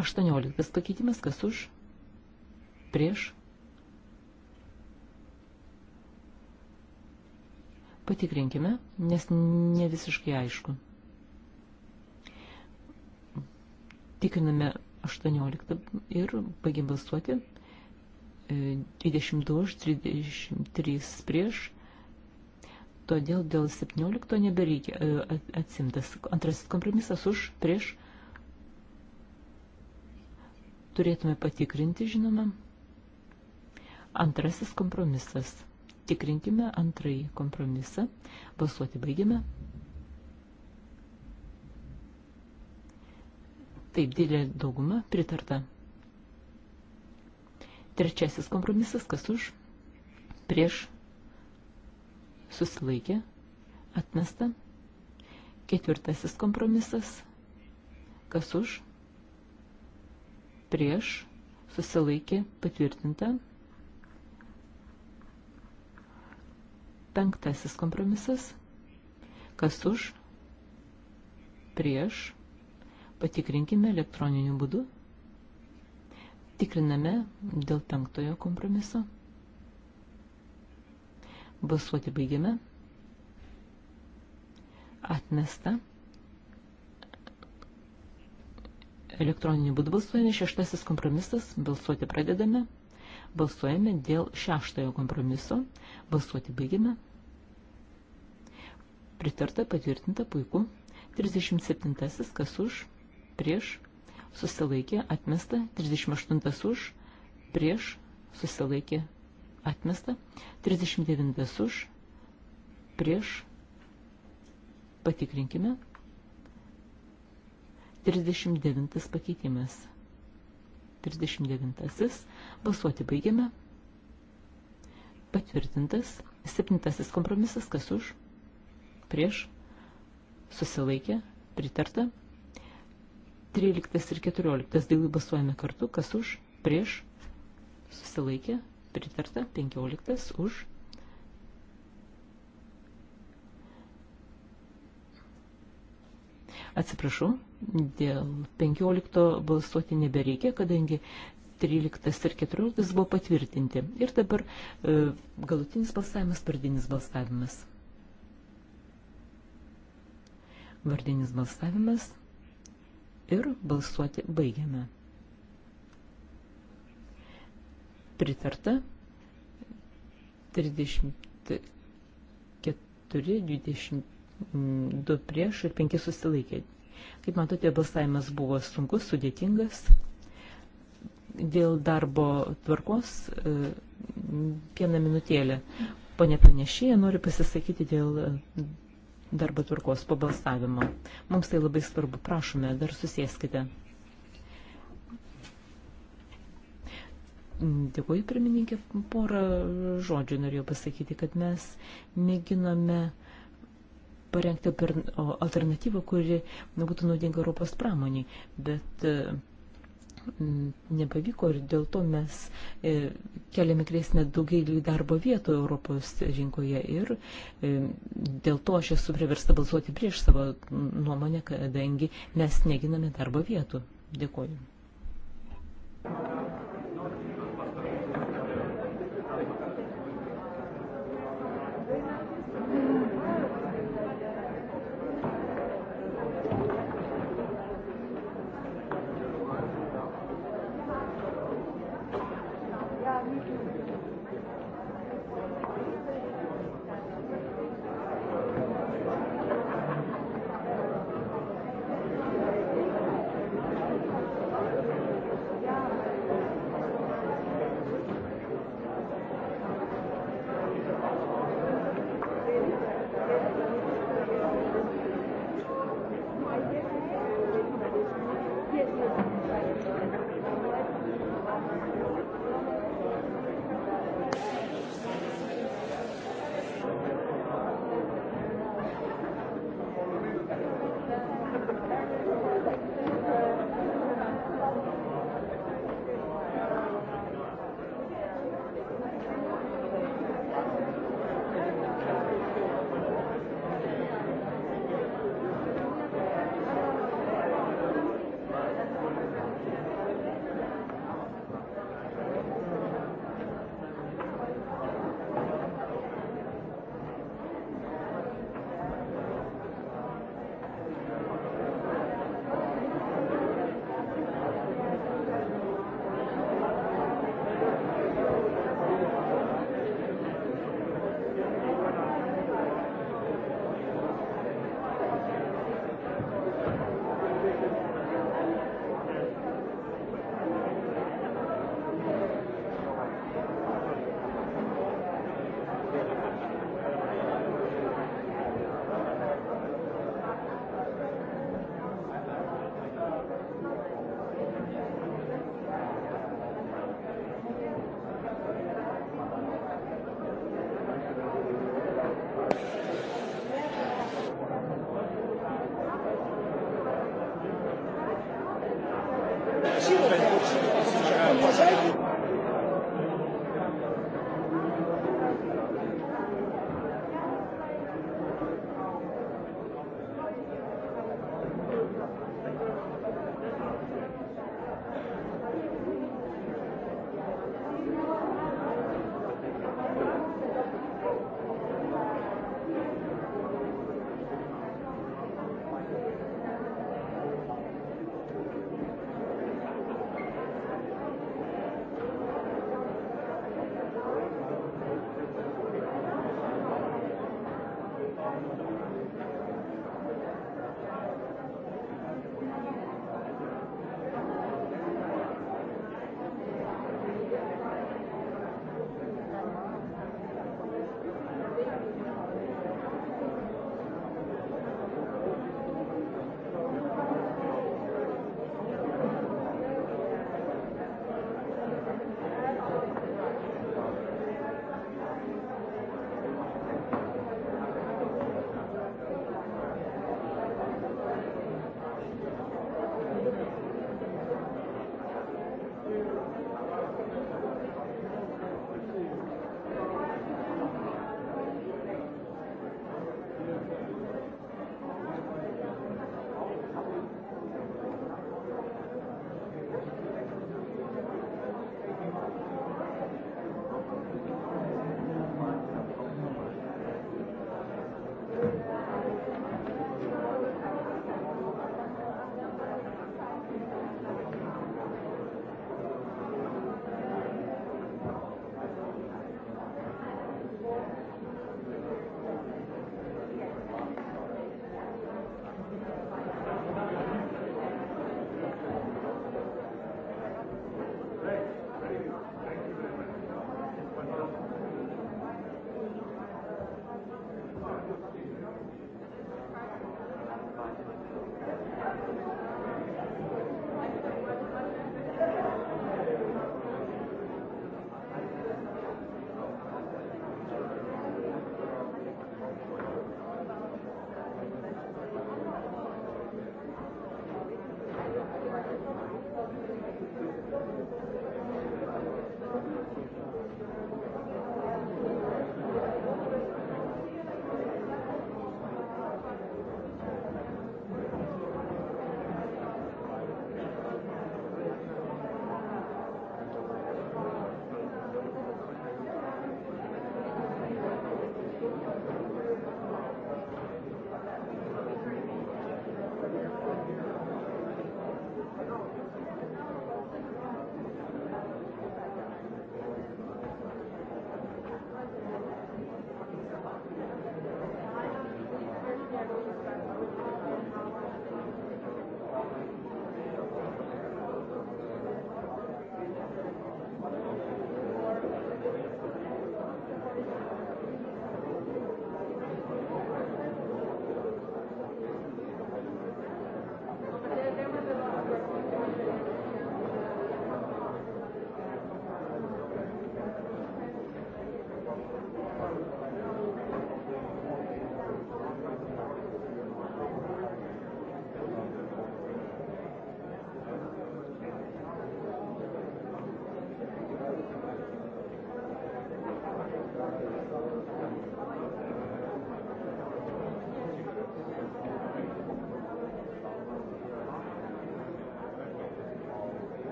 18 pakeitimas, kas už? Prieš. Patikrinkime, nes ne visiškai aišku. Tikriname 18 ir baigiam balsuoti. 22 e, už, 33 prieš, todėl dėl 17 nebereikia e, atsimtas. Antrasis kompromisas už, prieš. Turėtume patikrinti, žinoma. Antrasis kompromisas. Tikrinkime antrąjį kompromisą. Balsuoti baigiame. Taip, didelė dauguma pritarta. Trečiasis kompromisas, kas už, prieš, susilaikė, atmesta. Ketvirtasis kompromisas, kas už, prieš, susilaikė, patvirtinta. Penktasis kompromisas, kas už, prieš, patikrinkime elektroniniu būdu. Tikriname dėl penktojo kompromiso. Balsuoti baigiame. Atmesta. Elektroniniu būdu balsuojame šeštasis kompromisas. Balsuoti pradedame. Balsuojame dėl šeštojo kompromiso. Balsuoti baigiame. Pritarta, patvirtinta, puiku. 37. Kas už? Prieš. Susilaikė. Atmesta. 38. Už. Prieš. Susilaikė atmesta, 39 už, prieš, patikrinkime, 39 pakeitimas, 39, balsuoti baigiame, patvirtintas, 7 kompromisas, kas už, prieš, susilaikė, pritarta, 13 ir 14 dailai balsuojame kartu, kas už, prieš, susilaikė, pritarta, 15 už. Atsiprašau, dėl 15 balsuoti nebereikia, kadangi 13 ir 14 buvo patvirtinti. Ir dabar e, galutinis balsavimas, vardinis balsavimas. Vardinis balsavimas ir balsuoti baigiame. pritarta. 34, 22 prieš ir 5 susilaikė. Kaip matote, balsavimas buvo sunkus, sudėtingas. Dėl darbo tvarkos e, vieną minutėlę. Pone pranešėja, noriu pasisakyti dėl e, darbo tvarkos po balsavimo. Mums tai labai svarbu. Prašome, dar susėskite. Mm, dėkuoju, pirmininkė, porą žodžių norėjau pasakyti, kad mes mėginome parengti alternatyvą, kuri būtų naudinga Europos pramoniai, bet e, mm, nepavyko ir dėl to mes e, keliame grėsmę daugelį darbo vietų Europos rinkoje ir e, dėl to aš esu priversta balsuoti prieš savo nuomonę, kadangi mes neginame darbo vietų. Dėkuoju.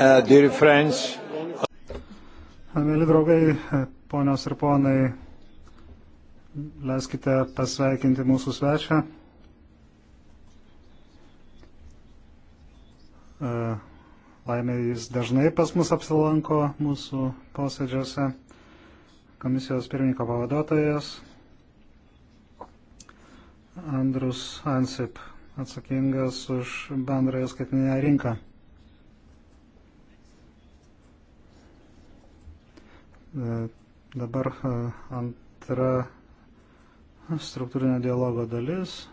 Uh, Mėly draugai, eh, ponios ir ponai, leiskite pasveikinti mūsų svečią. Uh, Laimė jis dažnai pas mus apsilanko mūsų posėdžiuose. Komisijos pirmininko pavaduotojas Andrus Ansip, atsakingas už bendrąją skaitinę rinką. E, dabar e, antra struktūrinio dialogo dalis.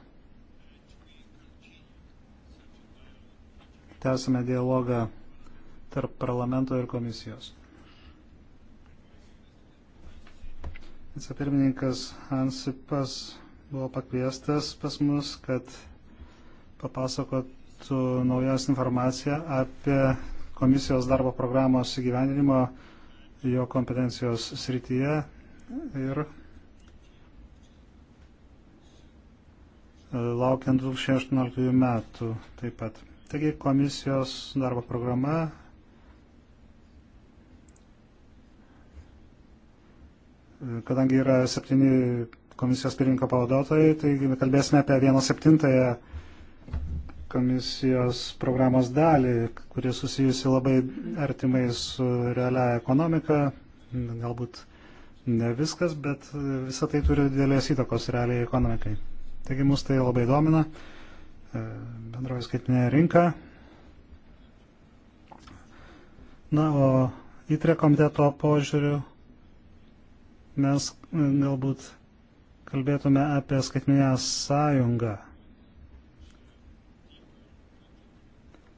Tęsame dialogą tarp parlamento ir komisijos. Vicepirmininkas Ansipas buvo pakviestas pas mus, kad papasakotų naujas informaciją apie komisijos darbo programos įgyvendinimo jo kompetencijos srityje ir e, laukiant 2018 metų taip pat. Taigi komisijos darbo programa e, kadangi yra septyni komisijos pirmininko pavaduotojai, tai kalbėsime apie vieną septintąją komisijos programos dalį, kuri susijusi labai artimai su realia ekonomika. Galbūt ne viskas, bet visa tai turi didelės įtakos realiai ekonomikai. Taigi mus tai labai domina. E, bendroji skaitinė rinka. Na, o įtrė komiteto požiūriu mes e, galbūt kalbėtume apie skaitminę sąjungą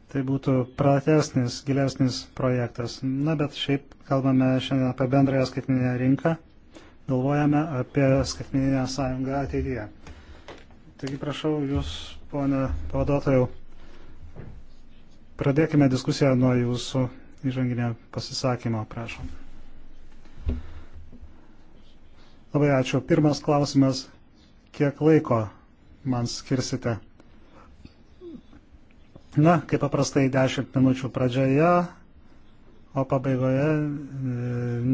tai būtų pratesnis, gilesnis projektas. Na, bet šiaip kalbame šiandien apie bendrąją skaitminę rinką, galvojame apie skaitminę sąjungą ateityje. Taigi prašau Jūs, ponė pavaduotojau, pradėkime diskusiją nuo Jūsų įžanginio pasisakymo, prašom. Labai ačiū. Pirmas klausimas, kiek laiko man skirsite? Na, kaip paprastai 10 minučių pradžioje, o pabaigoje e,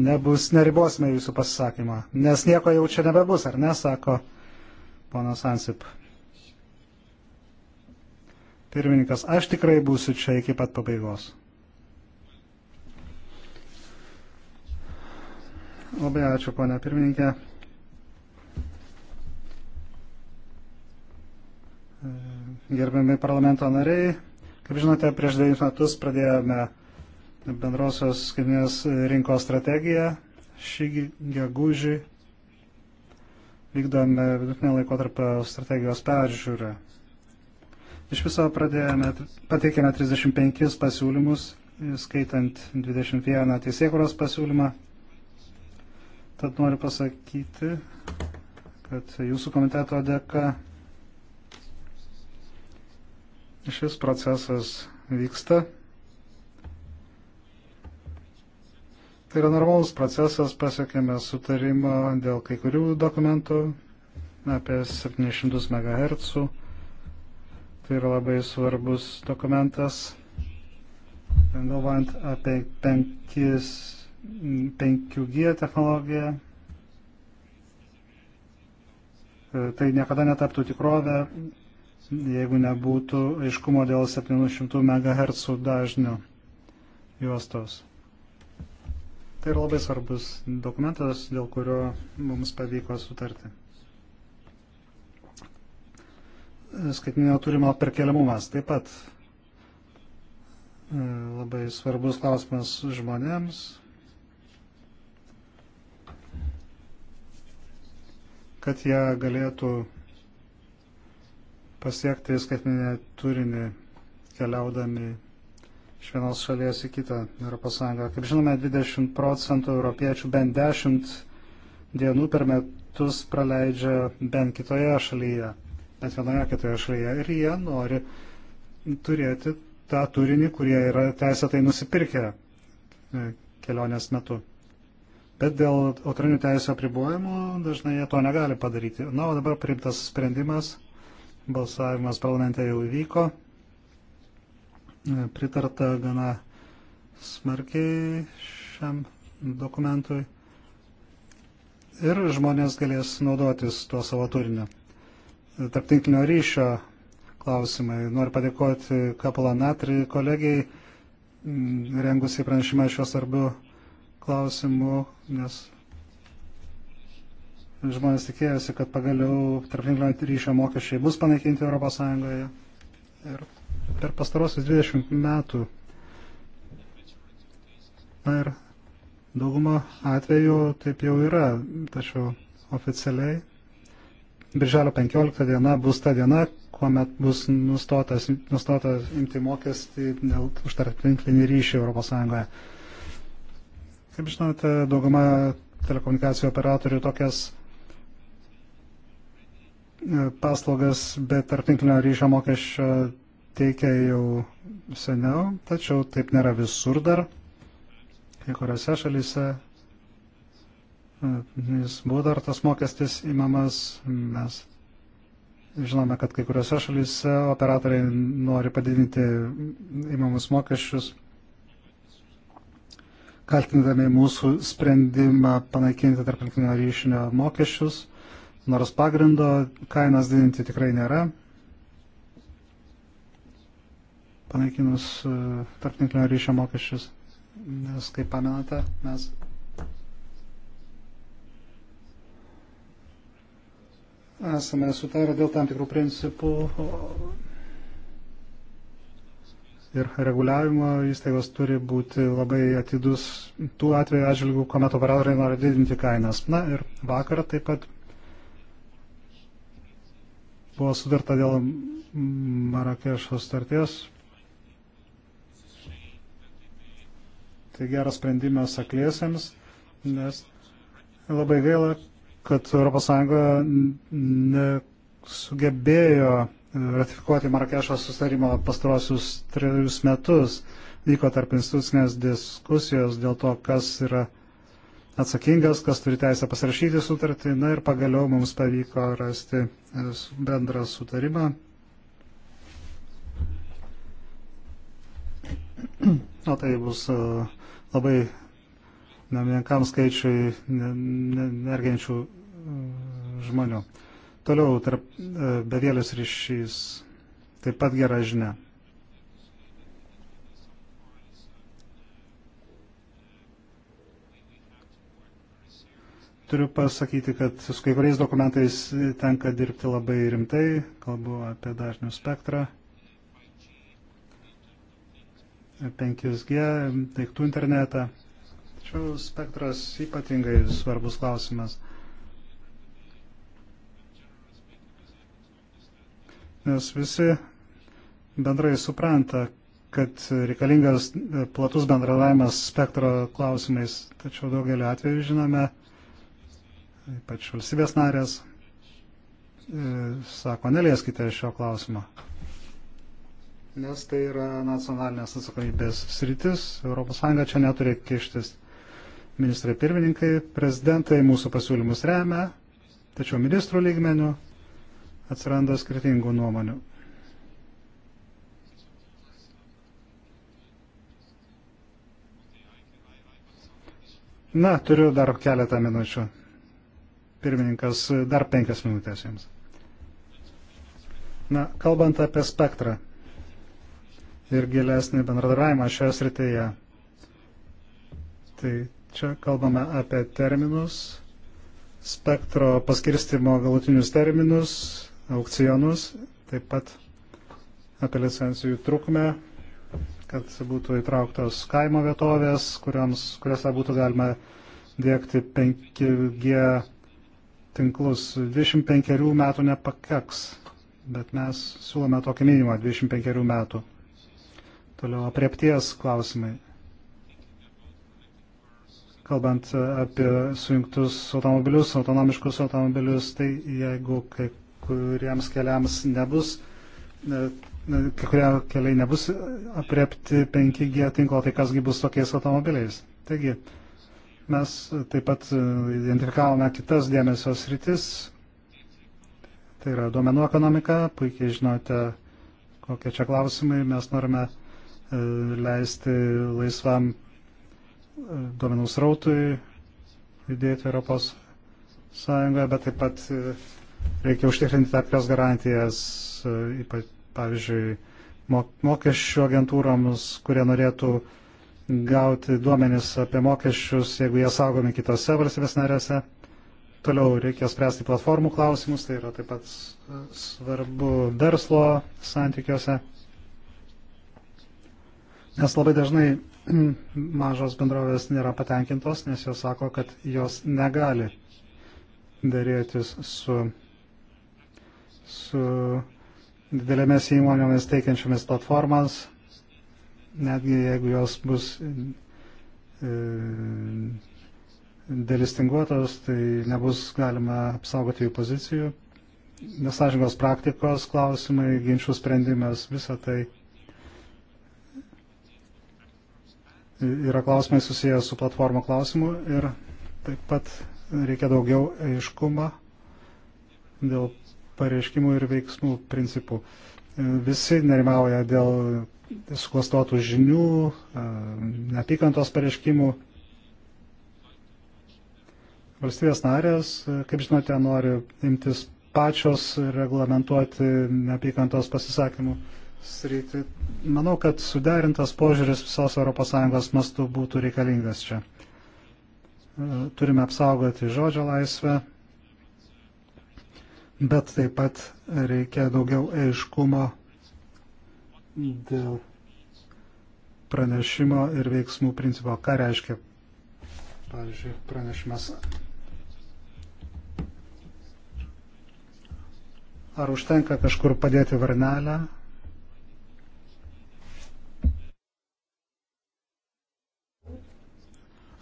nebus, neribosime jūsų pasisakymą, nes nieko jau čia nebebus, ar ne, sako ponas Ansip. Pirmininkas, aš tikrai būsiu čia iki pat pabaigos. Labai ačiū, ponia pirmininkė. E, gerbiami parlamento nariai, Kaip žinote, prieš dviejus metus pradėjome bendrosios skaitinės rinkos strategiją. Šį gegužį vykdome vidutinio laikotarpio strategijos peržiūrą. Iš viso pradėjome, pateikėme 35 pasiūlymus, skaitant 21 teisėkuros pasiūlymą. Tad noriu pasakyti, kad jūsų komiteto dėka Šis procesas vyksta. Tai yra normalus procesas, pasiekėme sutarimą dėl kai kurių dokumentų apie 700 MHz. Tai yra labai svarbus dokumentas, galvojant apie 5, 5G technologiją tai niekada netaptų tikrovę, jeigu nebūtų aiškumo dėl 700 MHz dažnio juostos. Tai yra labai svarbus dokumentas, dėl kurio mums pavyko sutarti. Skaitinio turimo perkeliamumas taip pat e, labai svarbus klausimas žmonėms. kad jie galėtų pasiekti skaitinį turinį keliaudami iš vienos šalies į kitą ES. Kaip žinome, 20 procentų europiečių bent 10 dienų per metus praleidžia bent kitoje šalyje, bent vienoje kitoje šalyje ir jie nori turėti tą turinį, kurie yra teisėtai nusipirkę e, kelionės metu. Bet dėl autorinių teisų apribojimų dažnai jie to negali padaryti. Na, o dabar priimtas sprendimas Balsavimas parlamente jau įvyko. Pritarta gana smarkiai šiam dokumentui. Ir žmonės galės naudotis tuo savo turiniu. Tarptinklinio ryšio klausimai. Noriu padėkoti Kapulanatri kolegijai, mm, rengusiai pranešimą šiuo svarbiu klausimu, nes žmonės tikėjosi, kad pagaliau tarptinklinio ryšio mokesčiai bus panaikinti ES. Ir per pastarosius 20 metų. Na ir dauguma atvejų taip jau yra, tačiau oficialiai Birželio 15 diena bus ta diena, kuomet bus nustotas, nustotas imti mokestį už tarptinklinį ryšį ES. Kaip žinote, dauguma telekomunikacijų operatorių tokias E, paslaugas be tarptinklinio ryšio mokesčio teikia jau seniau, tačiau taip nėra visur dar. Kai kuriuose šalyse e, jis buvo dar tas mokestis įmamas, mes žinome, kad kai kuriuose šalyse operatoriai nori padidinti įmamus mokesčius, kaltindami mūsų sprendimą panaikinti tarptinklinio ryšinio mokesčius nors pagrindo kainas didinti tikrai nėra. Panaikinus e, tarptinklinio ryšio mokesčius, nes, kaip pamenate, mes esame sutarę dėl tam tikrų principų ir reguliavimo įstaigos turi būti labai atidus tų atveju atžvilgių, kuomet operatoriai nori didinti kainas. Na ir vakar taip pat buvo sudarta dėl Marakešo starties. Tai geras sprendimas akliesiems, nes labai gaila, kad ES nesugebėjo ratifikuoti Marakešo sustarimo pastarosius trejus metus. Vyko tarp institucinės diskusijos dėl to, kas yra atsakingas, kas turi teisę pasirašyti sutartį. Na ir pagaliau mums pavyko rasti e, bendrą sutarimą. <clears throat> O tai bus e, labai nemenkam skaičiui nergiančių e, žmonių. Toliau tarp bevėlis ryšys taip pat gera žinia. turiu pasakyti, kad su kai kuriais dokumentais tenka dirbti labai rimtai, kalbu apie dažnių spektrą, 5G, daiktų internetą. Tačiau spektras ypatingai svarbus klausimas. Nes visi bendrai supranta, kad reikalingas platus bendradavimas spektro klausimais, tačiau daugelį atvejų žinome, ypač valstybės narės, e, sako, nelieskite šio klausimo. Nes tai yra nacionalinės atsakomybės sritis, ES čia neturi kištis. Ministrai pirmininkai, prezidentai mūsų pasiūlymus remia, tačiau ministrų lygmenių atsiranda skirtingų nuomonių. Na, turiu dar keletą minučių pirmininkas, dar penkias minutės jums. Na, kalbant apie spektrą ir gilesnį bendradarbiavimą šioje srityje, tai čia kalbame apie terminus, spektro paskirstimo galutinius terminus, aukcionus, taip pat apie licencijų trukmę, kad būtų įtrauktos kaimo vietovės, kurioms, kuriuose būtų galima dėkti 5G tinklus. 25 metų nepakaks, bet mes siūlome tokį minimą 25 metų. Toliau apriepties klausimai. Kalbant apie sujungtus automobilius, autonomiškus automobilius, tai jeigu kai kuriems keliams nebus e, e, kai kurie keliai nebus apriepti 5G tinklo, tai kasgi bus tokiais automobiliais. Taigi, Mes taip pat e, identifikavome kitas dėmesio sritis. Tai yra duomenų ekonomika. Puikiai žinote, kokie čia klausimai. Mes norime e, leisti laisvam e, duomenų srautui judėti Europos Sąjungoje, bet taip pat reikia užtikrinti tam tikras garantijas, ypač, pavyzdžiui, mokesčių agentūroms, kurie norėtų uh, gauti duomenis apie mokesčius, jeigu jie saugomi kitose valstybės narėse. Toliau reikia spręsti platformų klausimus, tai yra taip pat svarbu verslo santykiuose. Nes labai dažnai <clears throat> mažos bendrovės nėra patenkintos, nes jos sako, kad jos negali dėrėtis su, su didelėmis įmonėmis teikiančiomis platformas, netgi jeigu jos bus e, e, delistinguotos, tai nebus galima apsaugoti jų pozicijų. Nesažingos praktikos klausimai, ginčių sprendimas, visa tai yra klausimai susijęs su platformų klausimu ir taip pat reikia daugiau aiškumo dėl pareiškimų ir veiksmų principų. Visi nerimauja dėl suklastotų žinių, e, neapykantos pareiškimų. Valstybės narės, e, kaip žinote, nori imtis pačios reglamentuoti neapykantos pasisakymų sritį. Manau, kad suderintas požiūris visos ES mastu būtų reikalingas čia. E, turime apsaugoti žodžio laisvę, bet taip pat reikia daugiau aiškumo dėl pranešimo ir veiksmų principo. Ką reiškia, pavyzdžiui, pranešimas? Ar užtenka kažkur padėti varnelę?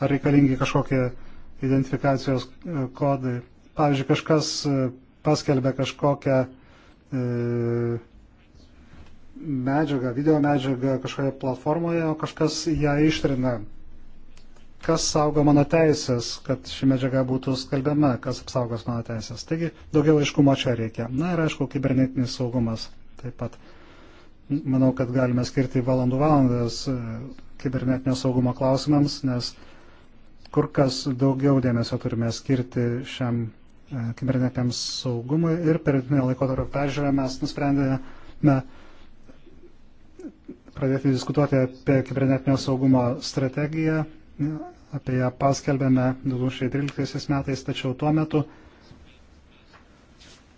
Ar reikalingi kažkokie identifikacijos e, kodai? Pavyzdžiui, kažkas e, paskelbė kažkokią e, medžiagą, video medžiagą kažkoje platformoje, o kažkas ją ištrina. Kas saugo mano teisės, kad ši medžiaga būtų skalbiama, kas apsaugos mano teisės. Taigi daugiau aiškumo čia reikia. Na ir aišku, kibernetinis saugumas taip pat. Manau, kad galime skirti valandų valandas e, kibernetinio saugumo klausimams, nes kur kas daugiau dėmesio turime skirti šiam e, kibernetiniam saugumui ir per laikotarpį peržiūrę mes nusprendėme pradėti diskutuoti apie kibernetinio saugumo strategiją. Apie ją paskelbėme 2013 metais, tačiau tuo metu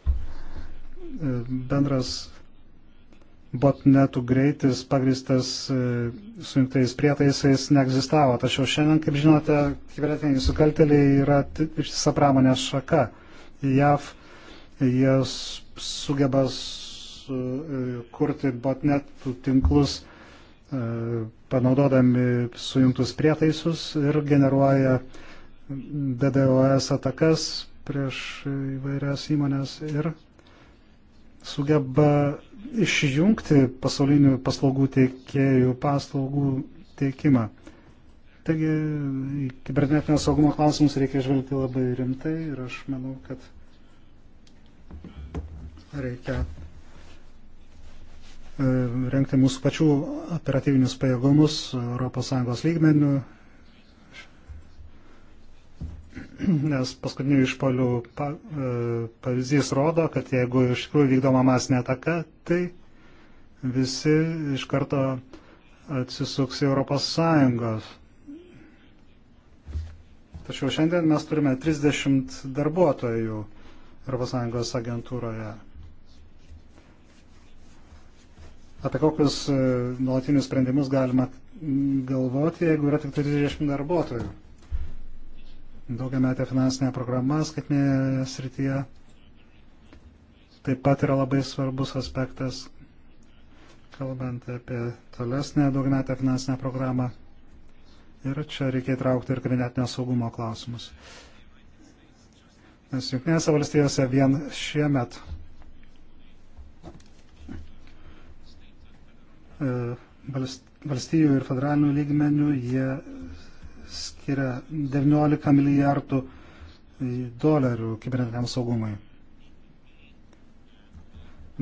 e, bendras botnetų greitis pagristas e, suimtais prietaisais neegzistavo. Tačiau šiandien, kaip žinote, kibernetiniai nusikaltėliai yra išsisa pramonės šaka. JAV jie sugeba E, kurti botnet tinklus e, panaudodami sujungtus prietaisus ir generuoja DDoS atakas prieš įvairias įmonės ir sugeba išjungti pasaulinių paslaugų teikėjų paslaugų teikimą. Taigi, kibernetinio saugumo klausimus reikia žvelgti labai rimtai ir aš manau, kad reikia renkti mūsų pačių operatyvinius pajėgumus ES lygmenių, nes paskutinių išpolių pa, e, pavyzdys rodo, kad jeigu iš tikrųjų vykdoma masinė ataka, tai visi iš karto atsisuks į Europos Sąjungos. Tačiau šiandien mes turime 30 darbuotojų Europos Sąjungos agentūroje. apie kokius e, nuolatinius sprendimus galima galvoti, jeigu yra tik 30 tai darbuotojų. Daugiametė finansinė programa skaitmėje srityje taip pat yra labai svarbus aspektas, kalbant apie tolesnę daugiametę finansinę programą. Ir čia reikia įtraukti ir kibernetinio saugumo klausimus. Nes Junktinėse valstijose vien šiemet E, valstybių ir federalinių lygmenių, jie skiria 19 milijardų dolerių kibernetiniam saugumui.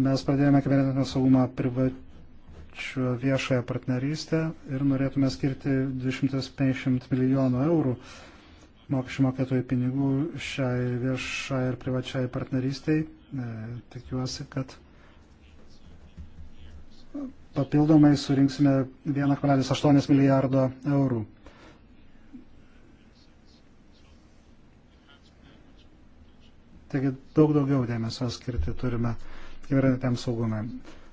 Mes pradėjome kibernetinę saugumą privačio viešąją partnerystę ir norėtume skirti 250 milijonų eurų mokesčių mokėtojų pinigų šiai viešai ir privačiai partnerystiai. E, tikiuosi, kad papildomai surinksime 1,8 milijardo eurų. Taigi daug daugiau dėmesio skirti turime kibernetiniam saugumui.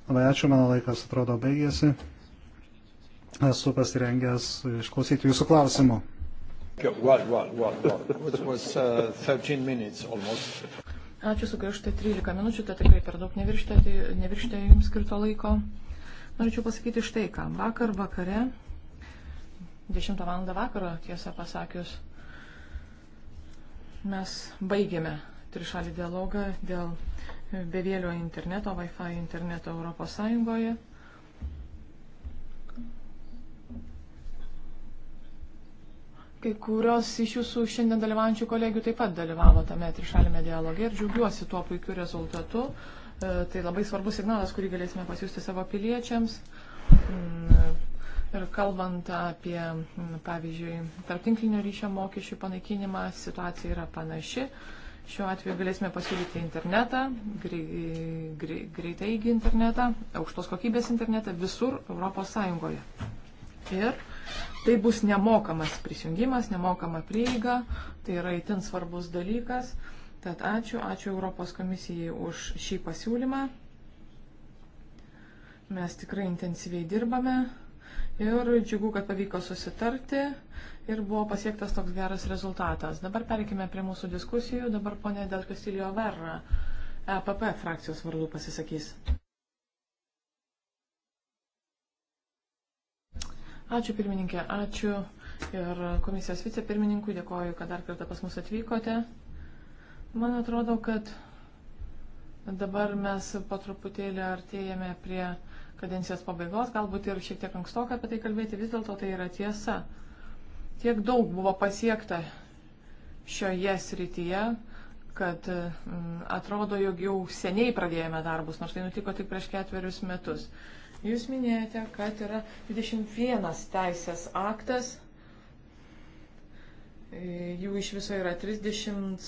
Labai ačiū, mano laikas atrodo baigėsi. Esu pasirengęs išklausyti jūsų klausimų. Uh, ačiū, sugrįžtate 13 minučių, tai tikrai per daug neviršite, tai neviršite jums skirto laiko. Norėčiau pasakyti štai ką. Vakar vakare, 10 val. vakaro, tiesą pasakius, mes baigėme trišalį dialogą dėl bevėlio interneto, Wi-Fi interneto Europos Sąjungoje. Kai kurios iš jūsų šiandien dalyvaujančių kolegių taip pat dalyvavo tame trišalime dialoge ir džiaugiuosi tuo puikiu rezultatu. Uh, E, tai labai svarbus signalas, kurį galėsime pasiūsti savo piliečiams. Mm, ir kalbant apie, mm, pavyzdžiui, tarptinklinio ryšio mokesčių panaikinimą, situacija yra panaši. Šiuo atveju galėsime pasiūlyti internetą, grei, grei, greitaigi internetą, aukštos kokybės internetą visur ES. Ir tai bus nemokamas prisijungimas, nemokama prieiga, tai yra itin svarbus dalykas. Tad ačiū, ačiū Europos komisijai už šį pasiūlymą. Mes tikrai intensyviai dirbame ir džiugu, kad pavyko susitarti ir buvo pasiektas toks geras rezultatas. Dabar perkime prie mūsų diskusijų. Dabar ponė Del Castillo Verra, EPP frakcijos vardu pasisakys. Ačiū pirmininkė, ačiū ir komisijos vicepirmininkui, dėkoju, kad dar kartą pas mus atvykote. Man atrodo, kad dabar mes po truputėlį artėjame prie kadencijos pabaigos, galbūt ir šiek tiek ankstoka apie tai kalbėti, vis dėlto tai yra tiesa. Tiek daug buvo pasiekta šioje srityje, kad m, mm, atrodo, jog jau seniai pradėjome darbus, nors tai nutiko tik prieš ketverius metus. Jūs minėjote, kad yra 21 teisės aktas Jų iš viso yra 30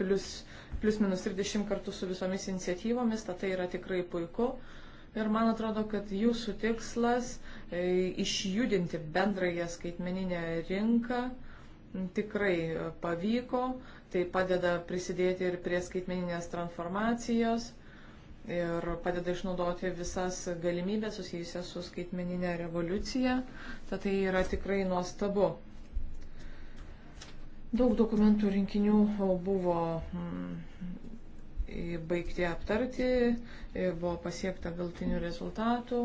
plus, plus minus 30 kartų su visomis iniciatyvomis, tad tai yra tikrai puiku. Ir man atrodo, kad jūsų tikslas e, išjudinti bendrąją skaitmeninę rinką tikrai pavyko, tai padeda prisidėti ir prie skaitmeninės transformacijos ir padeda išnaudoti visas galimybės susijusias su skaitmeninė revoliucija. Tad tai yra tikrai nuostabu. Daug dokumentų rinkinių buvo mm, baigti aptarti ir buvo pasiekta galtinių rezultatų.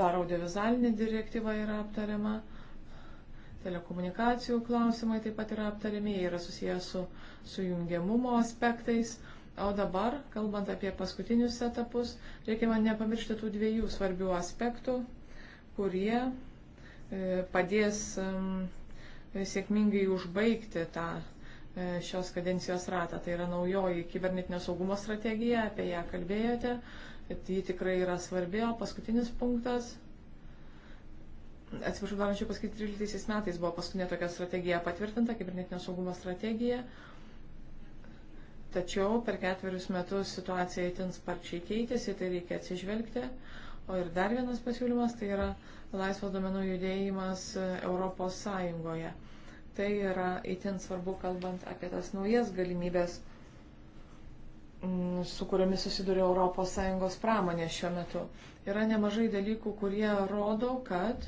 Dar audiovizualinė direktyva yra aptariama. Telekomunikacijų klausimai taip pat yra aptariami, jie yra susijęs su sujungiamumo aspektais. O dabar, kalbant apie paskutinius etapus, reikia man nepamiršti tų dviejų svarbių aspektų, kurie padės E, sėkmingai užbaigti tą e, šios kadencijos ratą. Tai yra naujoji kibernetinio saugumo strategija, apie ją kalbėjote, kad ji tikrai yra svarbi, o paskutinis punktas. Atsiprašau, gal anksčiau pasakyti, 13 metais buvo paskutinė tokia strategija patvirtinta, kibernetinio saugumo strategija. Tačiau per ketverius metus situacija itin sparčiai keitėsi, tai reikia atsižvelgti. Uh, O ir dar vienas pasiūlymas tai yra laisvas domenų judėjimas e, Europos Sąjungoje. Tai yra itin svarbu, kalbant apie tas naujas galimybės, mm, su kuriomis susiduria Europos Sąjungos pramonė šiuo metu. Yra nemažai dalykų, kurie rodo, kad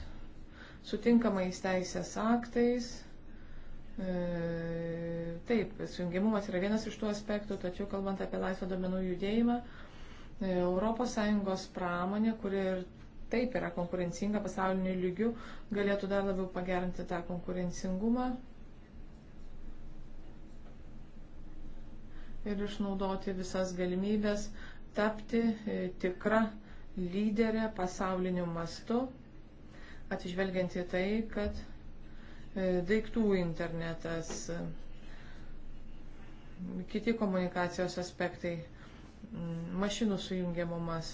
sutinkamais teisės aktais, e, taip, sujungimumas yra vienas iš tų aspektų, tačiau kalbant apie laisvą domenų judėjimą, e, ES pramonė, kuri ir taip yra konkurencinga pasauliniu lygiu, galėtų dar labiau pagerinti tą konkurencingumą ir išnaudoti visas galimybės tapti e, tikrą lyderę pasauliniu mastu, atsižvelgiant į tai, kad e, daiktų internetas, e, kiti komunikacijos aspektai mašinų sujungiamumas.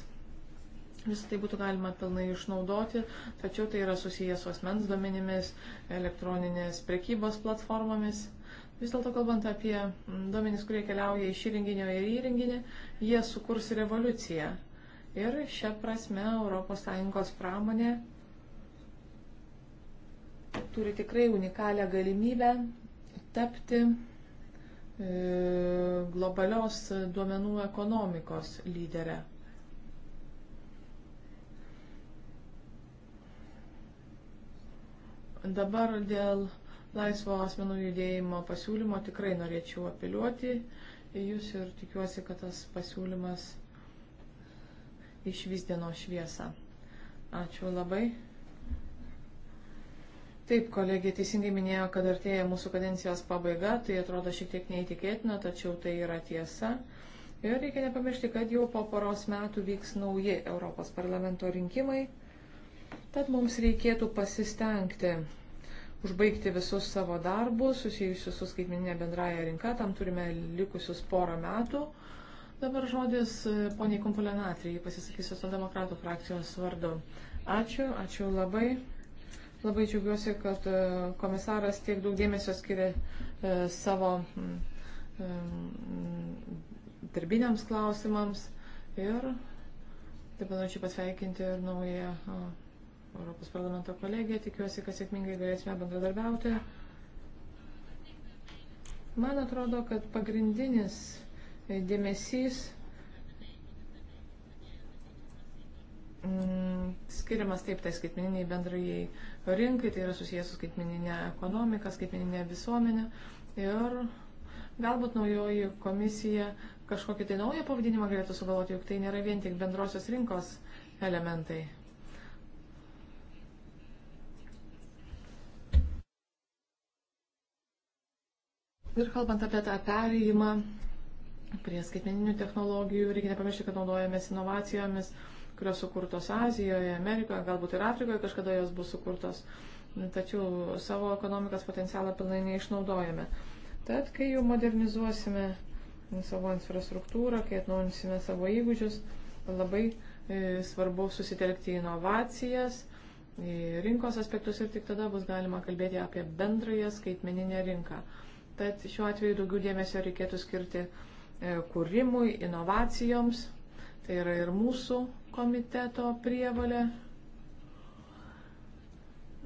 Visą tai būtų galima pilnai išnaudoti, tačiau tai yra susijęs su asmens duomenimis, elektroninės prekybos platformomis. Vis dėlto kalbant apie mm, duomenys, kurie keliauja iš įrenginio ir įrenginį, jie sukurs revoliuciją. Ir šią prasme ES pramonė turi tikrai unikalią galimybę tapti E, globalios duomenų ekonomikos lyderė. Dabar dėl laisvo asmenų judėjimo pasiūlymo tikrai norėčiau apeliuoti jūs ir tikiuosi, kad tas pasiūlymas išvys dienos šviesą. Ačiū labai. Taip, kolegė teisingai minėjo, kad artėja mūsų kadencijos pabaiga, tai atrodo šiek tiek neįtikėtina, tačiau tai yra tiesa. Ir reikia nepamiršti, kad jau po poros metų vyks nauji Europos parlamento rinkimai, tad mums reikėtų pasistengti užbaigti visus savo darbus susijusius su skaitmeninė bendraja rinka, tam turime likusius porą metų. Dabar žodis e, poniai Kompulenatrijai pasisakys socialdemokratų frakcijos vardu. Ačiū, ačiū labai. Labai džiaugiuosi, kad e, komisaras tiek daug dėmesio skiria e, savo e, darbiniams klausimams ir taip pat norėčiau pasveikinti ir naują Europos parlamento kolegiją. Tikiuosi, kad sėkmingai galėsime bendradarbiauti. Man atrodo, kad pagrindinis dėmesys skiriamas taip tai skaitmeniniai bendrajai rinkai, tai yra susijęs su skaitmeninė ekonomika, skaitmeninė visuomenė. Ir galbūt naujoji komisija kažkokį tai naują pavadinimą galėtų sugalvoti, juk tai nėra vien tik bendrosios rinkos elementai. Ir kalbant apie tą perėjimą prie skaitmeninių technologijų, reikia nepamiršti, kad naudojamės inovacijomis, kurios sukurtos Azijoje, Amerikoje, galbūt ir Afrikoje kažkada jos bus sukurtos, tačiau savo ekonomikos potencialą pilnai neišnaudojame. Tad, kai jau modernizuosime savo infrastruktūrą, kai atnaujinsime savo įgūdžius, labai e, svarbu susitelkti į inovacijas, į rinkos aspektus ir tik tada bus galima kalbėti apie bendrąją skaitmeninę rinką. Tad šiuo atveju daugiau dėmesio reikėtų skirti e, kūrimui, inovacijoms. Tai yra ir mūsų komiteto prievalė.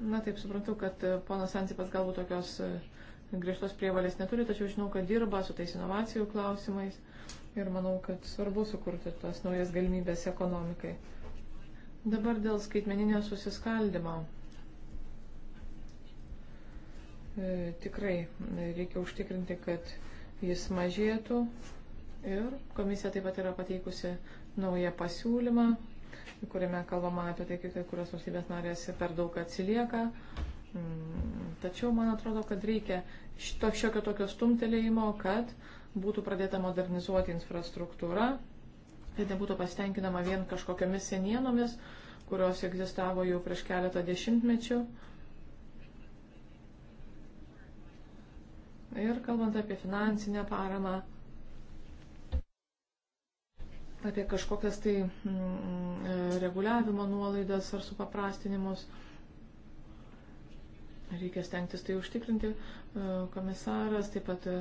Na taip, suprantu, kad e, ponas Ansipas galbūt tokios e, griežtos prievalės neturi, tačiau žinau, kad dirba su tais inovacijų klausimais ir manau, kad svarbu sukurti tas naujas galimybės ekonomikai. Dabar dėl skaitmeninio susiskaldimo. E, tikrai e, reikia užtikrinti, kad jis mažėtų ir komisija taip pat yra pateikusi naują pasiūlymą, kuriame kalbama apie tai, kaip kai kurios valstybės narės per daug atsilieka. Mm, tačiau man atrodo, kad reikia šito šiokio tokio stumtelėjimo, kad būtų pradėta modernizuoti infrastruktūra, kad nebūtų pasitenkinama vien kažkokiamis senienomis, kurios egzistavo jau prieš keletą dešimtmečių. Ir kalbant apie finansinę paramą, apie kažkokias tai mm, mm, reguliavimo nuolaidas ar supaprastinimus. Reikia stengtis tai užtikrinti. E, komisaras, taip pat e,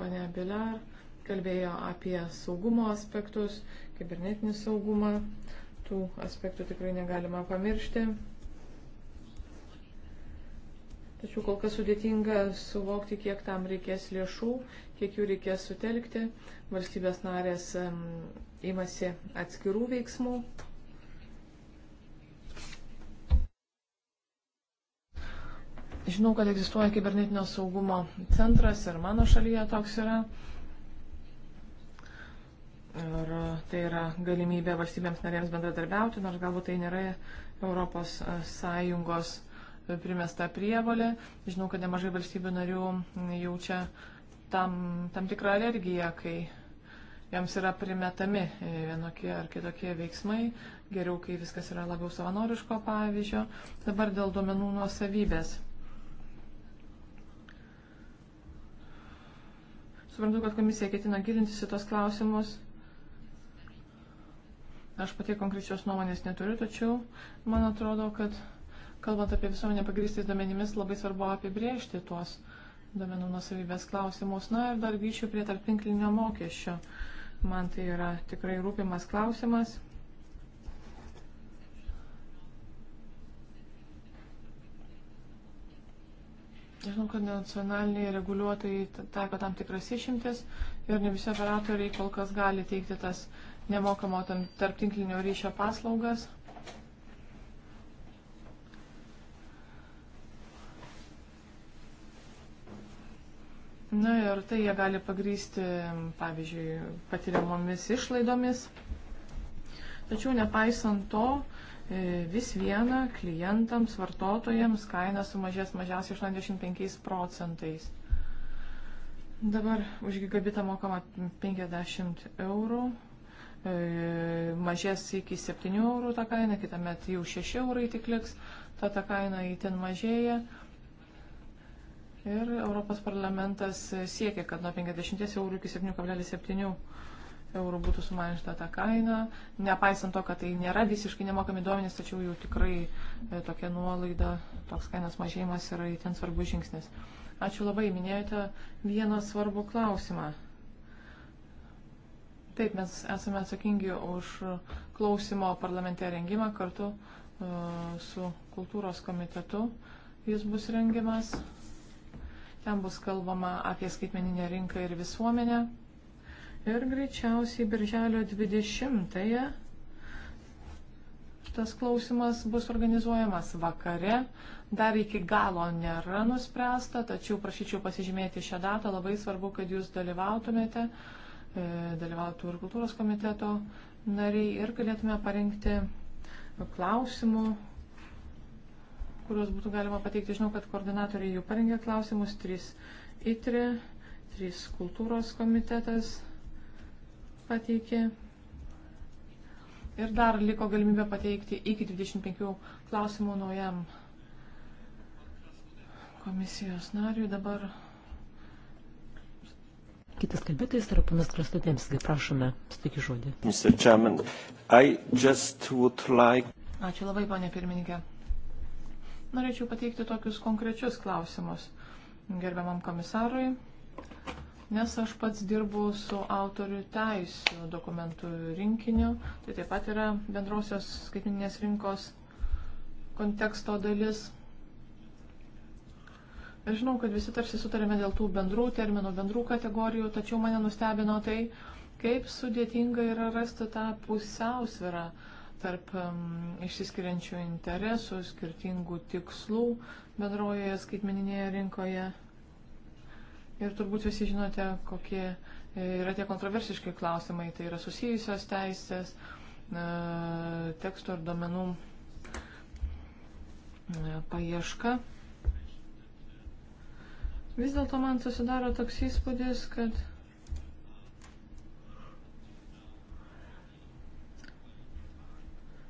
pane Bilar, kalbėjo apie saugumo aspektus, kibernetinį saugumą. Tų aspektų tikrai negalima pamiršti. Tačiau kol kas sudėtinga suvokti, kiek tam reikės lėšų, kiek jų reikės sutelkti. Valstybės narės imasi atskirų veiksmų. Žinau, kad egzistuoja kibernetinio saugumo centras ir mano šalyje toks yra. Ir tai yra galimybė valstybėms narėms bendradarbiauti, nors galbūt tai nėra Europos Sąjungos primesta prievolė. Žinau, kad nemažai valstybių narių jaučia tam, tam tikrą alergiją, kai joms yra primetami vienokie ar kitokie veiksmai. Geriau, kai viskas yra labiau savanoriško pavyzdžio. Dabar dėl duomenų nuosavybės. Suprantu, kad komisija ketina gilintis į tos klausimus. Aš patie konkrečios nuomonės neturiu, tačiau man atrodo, kad Kalbant apie visuomenę pagrįstais duomenimis, labai svarbu apibriežti tuos duomenų nusavybės klausimus. Na ir dar grįšiu prie tarptinklinio mokesčio. Man tai yra tikrai rūpimas klausimas. Žinau, kad nacionaliniai reguliuotojai taiko tam tikras išimtis ir ne visi operatoriai kol kas gali teikti tas nemokamo tarptinklinio ryšio paslaugas. Na ir tai jie gali pagrysti, pavyzdžiui, patiriamomis išlaidomis. Tačiau nepaisant to, e, vis viena klientams, vartotojams kaina sumažės mažiausiai 85 procentais. Dabar už gigabitą mokama 50 eurų, e, mažės iki 7 eurų ta kaina, kitą metą jau 6 eurai tik liks, ta ta kaina įtin mažėja. Ir Europos parlamentas siekia, kad nuo 50 eurų iki 7,7 eurų būtų sumažinta ta kaina. Nepaisant to, kad tai nėra visiškai nemokami duomenys, tačiau jau tikrai e, tokia nuolaida, toks kainos mažėjimas yra įtin svarbus žingsnis. Ačiū labai, minėjote vieną svarbų klausimą. Taip, mes esame atsakingi už klausimo parlamente rengimą kartu e, su kultūros komitetu. Jis bus rengiamas. Ten bus kalbama apie skaitmeninę rinką ir visuomenę. Ir greičiausiai birželio 20-ąją tas klausimas bus organizuojamas vakare. Dar iki galo nėra nuspręsta, tačiau prašyčiau pasižymėti šią datą. Labai svarbu, kad jūs dalyvautumėte, e, dalyvautų ir kultūros komiteto nariai ir galėtume parengti klausimų kuriuos būtų galima pateikti. Žinau, kad koordinatoriai jau parengė klausimus. 3 ITRI, 3 kultūros komitetas pateikė. Ir dar liko galimybė pateikti iki 25 klausimų naujam komisijos nariui. Dabar Kitas kalbėtojas yra panas Krastodėmskai. Prašome, stikį žodį. Like... Ačiū labai, ponė pirmininkė. Norėčiau pateikti tokius konkrečius klausimus gerbiamam komisarui, nes aš pats dirbu su autorių teisų dokumentų rinkiniu, tai taip pat yra bendrosios skaitmininės rinkos konteksto dalis. Ir žinau, kad visi tarsi sutarėme dėl tų bendrų terminų, bendrų kategorijų, tačiau mane nustebino tai, kaip sudėtinga yra rasti tą pusiausvirą tarp išsiskiriančių interesų, skirtingų tikslų bendrojoje skaitmeninėje rinkoje. Ir turbūt visi žinote, kokie e, yra tie kontroversiški klausimai, tai yra susijusios teisės, e, teksto ir domenų e, paieška. Vis dėlto man susidaro toks įspūdis, kad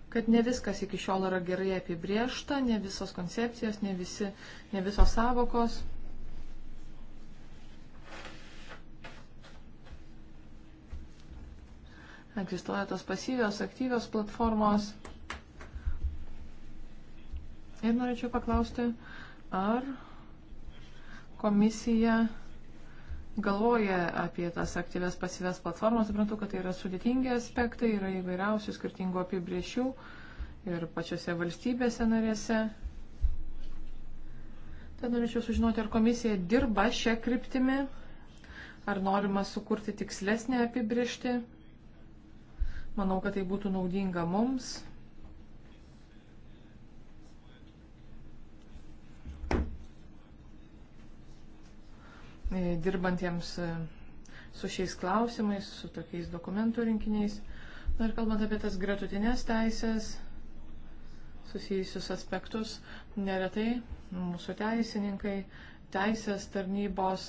kad ne viskas iki šiol yra gerai apibriešta, ne visos koncepcijos, ne, visi, ne visos savokos. Egzistuoja tos pasyvios, aktyvios platformos. Ir norėčiau paklausti, ar komisija galvoja apie tas aktyves pasyves platformas, suprantu, kad tai yra sudėtingi aspektai, yra įvairiausių skirtingų apibriešių ir pačiose valstybėse narėse. Tad norėčiau sužinoti, ar komisija dirba šią kryptimį, ar norima sukurti tikslesnę apibriežtį. Manau, kad tai būtų naudinga mums. E, dirbantiems e, su šiais klausimais, su tokiais dokumentų rinkiniais. Na ir kalbant apie tas gretutinės teisės, susijusius aspektus, neretai mūsų teisininkai, teisės tarnybos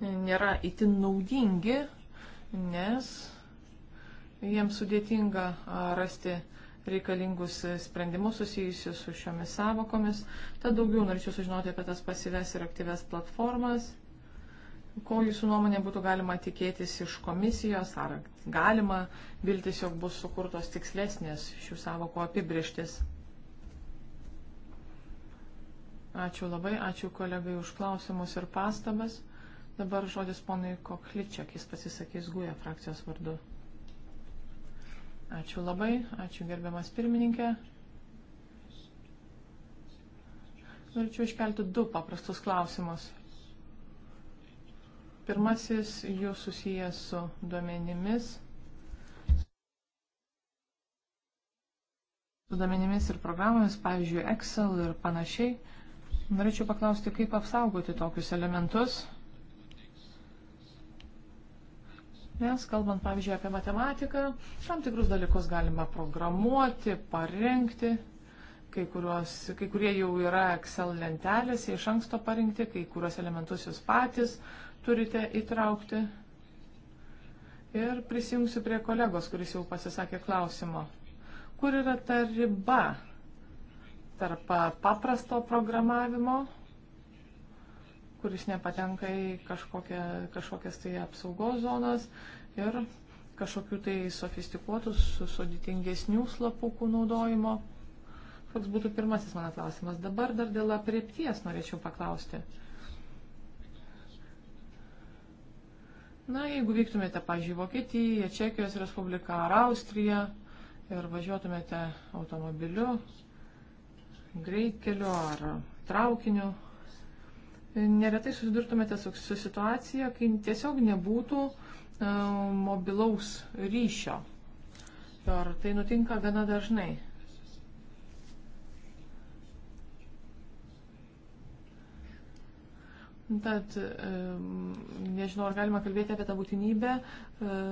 nėra itin naudingi, nes jiems sudėtinga rasti reikalingus sprendimus susijusius su šiomis savokomis. Tad daugiau norėčiau sužinoti apie tas pasives ir aktyves platformas. Ko jūsų nuomonė būtų galima tikėtis iš komisijos, ar galima viltis, jog bus sukurtos tikslesnės šių savokų apibrieštis? Ačiū labai, ačiū kolegai už klausimus ir pastabas. Dabar žodis ponui Kokličiak, jis pasisakys Guja frakcijos vardu. Ačiū labai, ačiū gerbiamas pirmininkė. Norėčiau iškelti du paprastus klausimus. Pirmasis jų susijęs su duomenimis. Su duomenimis ir programomis, pavyzdžiui, Excel ir panašiai. Norėčiau paklausti, kaip apsaugoti tokius elementus Nes kalbant, pavyzdžiui, apie matematiką, tam tikrus dalykus galima programuoti, parengti, kai, kuriuos, kai kurie jau yra Excel lentelėse iš anksto parinkti, kai kuriuos elementus jūs patys turite įtraukti. Ir prisijungsiu prie kolegos, kuris jau pasisakė klausimo. Kur yra ta riba tarp paprasto programavimo kuris nepatenka į kažkokią, kažkokias tai apsaugos zonas ir kažkokių tai sofistikuotų, sudėtingesnių slapukų naudojimo. Toks būtų pirmasis mano klausimas. Dabar dar dėl apriepties norėčiau paklausti. Na, jeigu vyktumėte, pažiūrėjau, Vokietiją, Čekijos Respubliką ar Austriją ir važiuotumėte automobiliu, greitkeliu ar traukiniu, neretai susidurtumėte su, su situacija, kai tiesiog nebūtų e, mobilaus ryšio. Ir tai nutinka gana dažnai. Tad e, nežinau, ar galima kalbėti apie tą būtinybę e,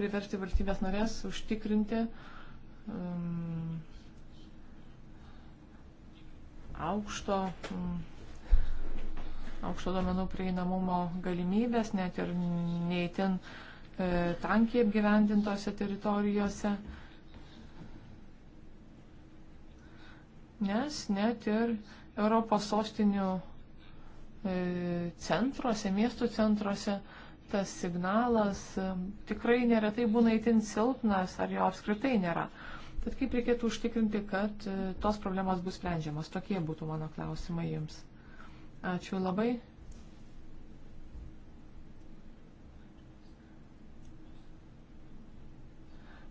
priversti valstybės norės užtikrinti e, aukšto aukšto domenų prieinamumo galimybės, net ir neįtin e, tankiai apgyvendintose teritorijose. Nes net ir Europos sostinių e, centruose, miestų centruose tas signalas e, tikrai neretai būna įtin silpnas ar jo apskritai nėra. Tad kaip reikėtų užtikrinti, kad e, tos problemos bus sprendžiamos? Tokie būtų mano klausimai jums. Ačiū labai.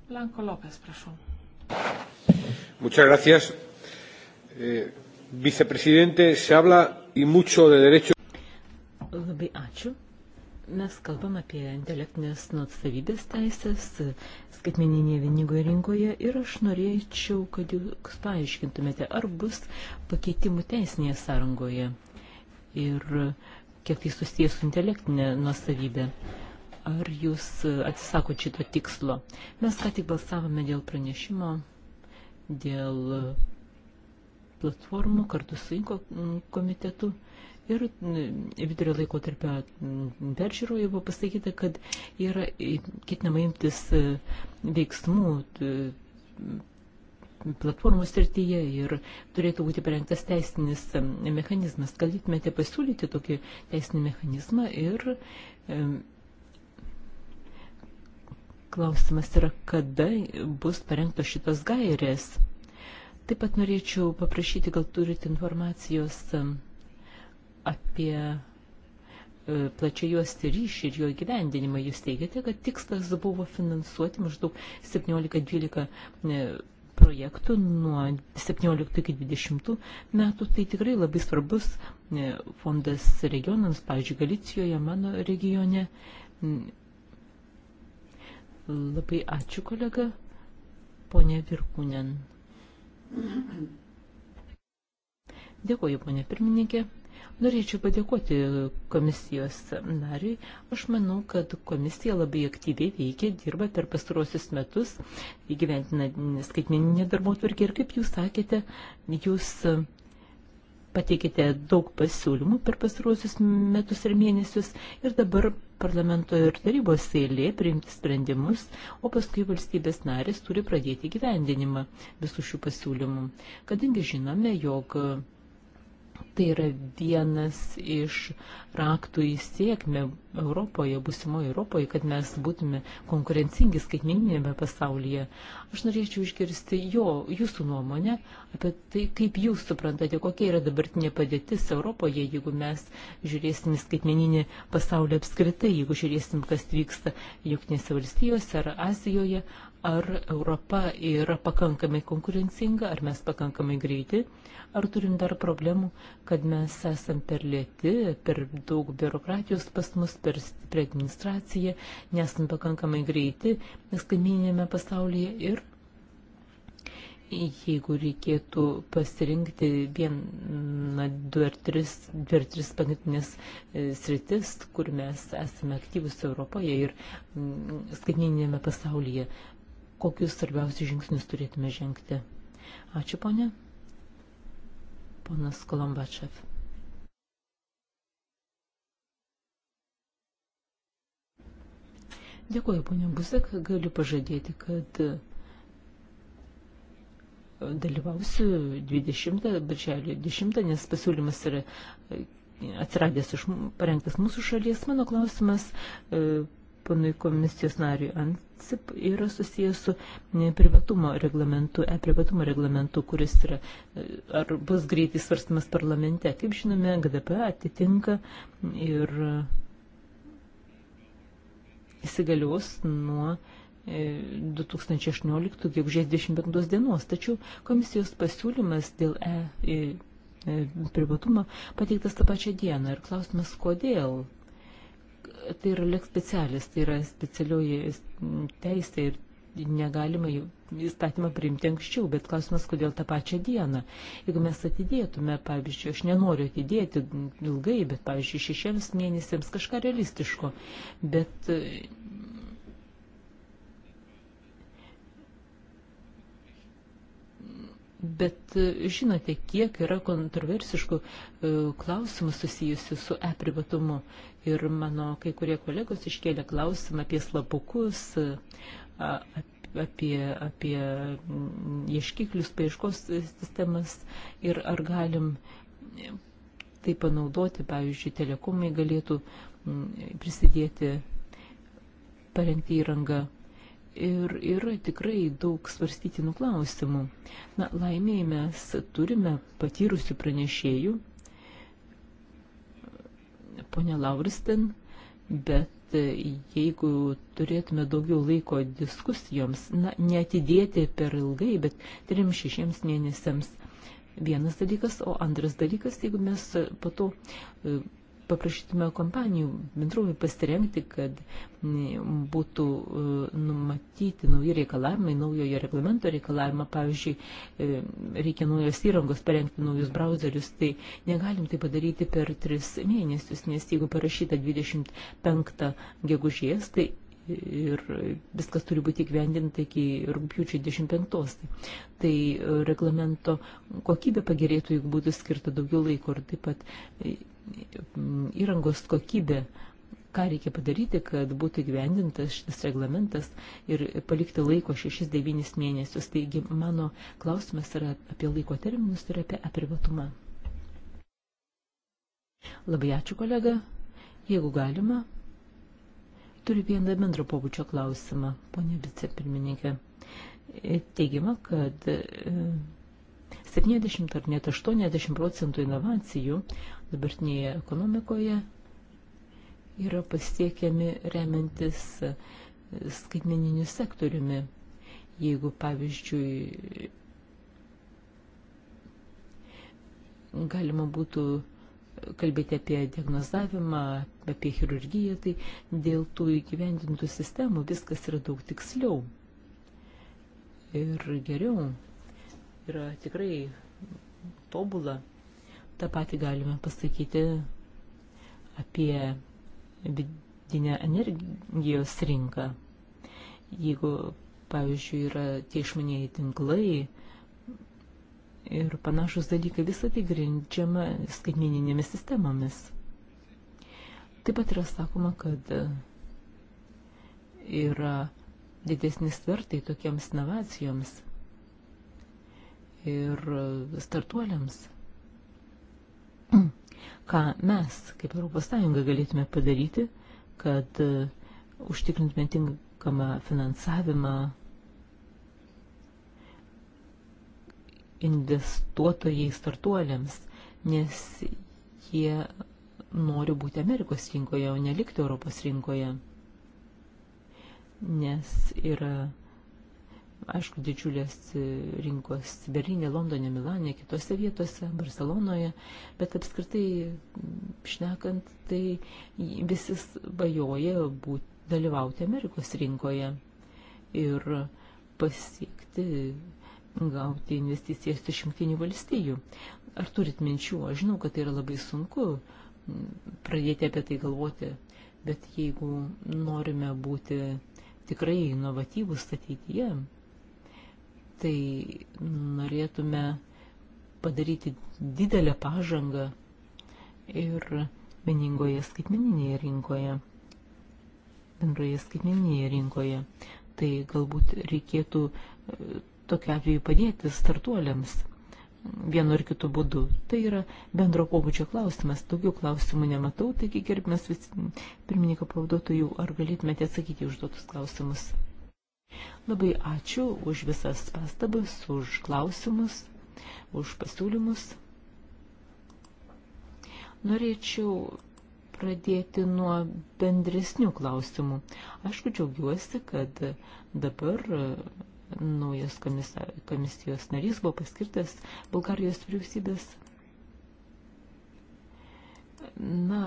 Blanco López, prašau. Muchas gracias. Eh, vicepresidente, se habla y mucho de derecho. Labai ačiū. Mes kalbam apie intelektinės nuotsavybės teisės skaitmeninėje vieningoje rinkoje ir aš norėčiau, kad jūs paaiškintumėte, ar bus pakeitimų teisinėje sąrangoje ir kiek tai susijęs su intelektinė nuosavybė. Ar jūs atsisakot šito tikslo? Mes ką tik balsavome dėl pranešimo, dėl platformų kartu su inko komitetu. Ir vidurio laiko tarp peržiūroje buvo pasakyta, kad yra ketinama imtis e, veiksmų platformų srityje ir turėtų būti parengtas teisinis mechanizmas. Galėtumėte pasiūlyti tokį teisinį mechanizmą ir e, klausimas yra, kada bus parengtos šitos gairės. Taip pat norėčiau paprašyti, gal turite informacijos apie e, plačiai juos ryšį ir jo įgyvendinimą. Jūs teigiate, kad tikslas buvo finansuoti maždaug 17-12 projektų nuo 17 iki 20 metų. Tai tikrai labai svarbus e, fondas regionams, pavyzdžiui, Galicijoje, mano regione. Mm. Labai ačiū, kolega, ponė Virkūnen. Dėkuoju, ponė pirmininkė. Norėčiau padėkoti komisijos nariui. Aš manau, kad komisija labai aktyviai veikia, dirba per pastarosius metus, įgyventina skaitmeninė darbo tvarkė ir kaip jūs sakėte, jūs pateikite daug pasiūlymų per pastarosius metus ir mėnesius ir dabar parlamento ir tarybos eilė priimti sprendimus, o paskui valstybės narės turi pradėti gyvendinimą visų šių pasiūlymų. Kadangi žinome, jog Tai yra vienas iš raktų į sėkmę Europoje, būsimoje Europoje, kad mes būtume konkurencingi skaitmeninėme pasaulyje. Aš norėčiau išgirsti jo, jūsų nuomonę apie tai, kaip jūs suprantate, kokia yra dabartinė padėtis Europoje, jeigu mes žiūrėsim skaitmeninį pasaulį apskritai, jeigu žiūrėsim, kas vyksta Junktinėse valstijose ar Azijoje, ar Europa yra pakankamai konkurencinga, ar mes pakankamai greiti, ar turim dar problemų, kad mes esam per lėti, per daug biurokratijos pas mus, per stipri administracija, nesam pakankamai greiti, nes kaiminėme pasaulyje ir jeigu reikėtų pasirinkti vieną, du ar tris, du ar tris pagrindinės e, sritis, kur mes esame aktyvus Europoje ir skaitmeninėme pasaulyje, kokius svarbiausius žingsnius turėtume žengti. Ačiū, ponė. Ponas Kolombačev. Dėkuoju, ponia Buzek, galiu pažadėti, kad dalyvausiu 20, birželio 10, nes pasiūlymas yra atsiradęs iš parengtas mūsų šalies. Mano klausimas e, panui komisijos nariui ANSIP yra susijęs su privatumo reglamentu, e-privatumo reglamentu, kuris yra, e, ar bus greitai svarstamas parlamente. Kaip žinome, GDP atitinka ir įsigalios nuo 2018 e, gegužės 25 dienos. Tačiau komisijos pasiūlymas dėl e, e, e privatumo pateiktas tą pačią dieną. Ir klausimas, kodėl tai yra leks specialis, tai yra specialioji teisė ir negalima įstatymą priimti anksčiau, bet klausimas, kodėl tą pačią dieną. Jeigu mes atidėtume, pavyzdžiui, aš nenoriu atidėti ilgai, bet, pavyzdžiui, šešiems mėnesiams kažką realistiško, bet Bet žinote, kiek yra kontroversiškų e, klausimų susijusių su e-privatumu ir mano kai kurie kolegos iškėlė klausimą apie slapukus, apie, apie ieškiklius, paieškos sistemas ir ar galim tai panaudoti, pavyzdžiui, telekomai galėtų prisidėti parengti įrangą. Ir yra tikrai daug svarstytinų klausimų. Na, laimėjai mes turime patyrusių pranešėjų ponia Lauristin, bet e, jeigu turėtume daugiau laiko diskusijoms, na, neatidėti per ilgai, bet trim šešiems mėnesiams vienas dalykas, o antras dalykas, jeigu mes po to e, paprašytume kompanijų bendrovį pasirengti, kad būtų e, numatyti nauji reikalavimai, naujojo reglamento reikalavimą. Pavyzdžiui, e, reikia naujos įrangos parengti naujus browserius, tai negalim tai padaryti per tris mėnesius, nes jeigu parašyta 25 gegužės, tai ir viskas turi būti įgyvendinta iki rūpjūčio 25. Tai, tai e, reglamento kokybė pagerėtų, jeigu būtų skirta daugiau laiko ir taip pat įrangos kokybė, ką reikia padaryti, kad būtų įgyvendintas šitas reglamentas ir palikti laiko 6-9 mėnesius. Taigi mano klausimas yra apie laiko terminus ir apie aprivatumą. Labai ačiū, kolega. Jeigu galima, turiu vieną bendro pobūdžio klausimą, ponė vicepirmininkė. Teigiama, kad 70 e, ar net 80 procentų inovacijų dabartinėje ekonomikoje yra pasiekiami remiantis e, skaitmeniniu sektoriumi. Jeigu, pavyzdžiui, galima būtų kalbėti apie diagnozavimą, apie chirurgiją, tai dėl tų įgyvendintų sistemų viskas yra daug tiksliau ir geriau. Yra tikrai tobula Ta pati galime pasakyti apie vidinę energijos rinką. Jeigu, pavyzdžiui, yra tie išmanieji tinklai, ir panašus dalykai visą tai grindžiama skaitmeninėmis sistemomis. Taip pat yra sakoma, kad yra didesnis svertai tokiems inovacijoms ir startuoliams ką mes, kaip ES, galėtume padaryti, kad e, užtikrintume tinkamą finansavimą investuotojai startuoliams, nes jie nori būti Amerikos rinkoje, o nelikti Europos rinkoje, nes yra aišku, didžiulės e, rinkos Berlyne, Londone, Milane, kitose vietose, Barcelonoje, bet apskritai šnekant, tai visi svajoja būt, dalyvauti Amerikos rinkoje ir pasiekti, gauti investicijas iš jungtinių valstijų. Ar turit minčių? Aš žinau, kad tai yra labai sunku pradėti apie tai galvoti, bet jeigu norime būti tikrai inovatyvus ateityje, tai norėtume padaryti didelę pažangą ir vieningoje skaitmeninėje rinkoje, bendroje skaitmeninėje rinkoje. Tai galbūt reikėtų e, tokiu atveju padėti startuoliams vienu ar kitu būdu. Tai yra bendro pobūdžio klausimas. Daugiau klausimų nematau, taigi gerbimas pirmininko pavaduotojų, ar galėtumėte atsakyti užduotus klausimus? Labai ačiū už visas pastabas, už klausimus, už pasiūlymus. Norėčiau pradėti nuo bendresnių klausimų. Aišku, džiaugiuosi, kad dabar e, naujas komisijos narys buvo paskirtas Bulgarijos vyriausybės. Na,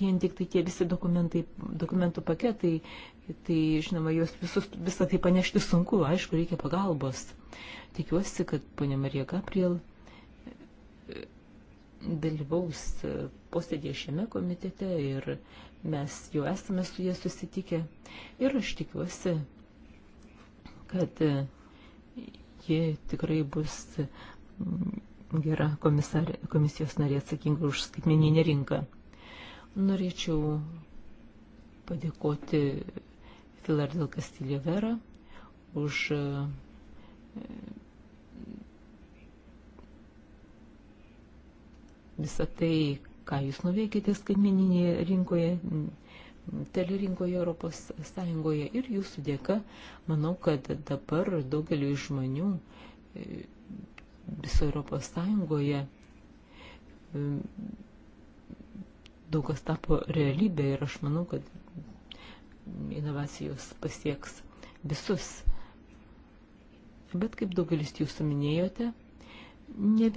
vien tik tai tie visi dokumentai, dokumentų paketai Tai, žinoma, juos visus, visą tai panešti sunku, aišku, reikia pagalbos. Tikiuosi, kad ponia Marija Gabriel e, dalyvaus e, posėdėje šiame komitete ir mes jau esame su jie susitikę. Ir aš tikiuosi, kad e, ji tikrai bus gera komisarė, komisijos narė atsakinga už skaitmeninę rinką. Norėčiau padėkoti Pilar dėl Kastilio Vera už e, visą tai, ką jūs nuveikėte skaitmeninėje rinkoje, telerinkoje Europos Sąjungoje ir jūsų dėka, manau, kad dabar daugeliu žmonių e, viso Europos Sąjungoje e, daug kas tapo realybė ir aš manau, kad inovacijos pasieks visus. Bet kaip daugelis jūsų minėjote, ne,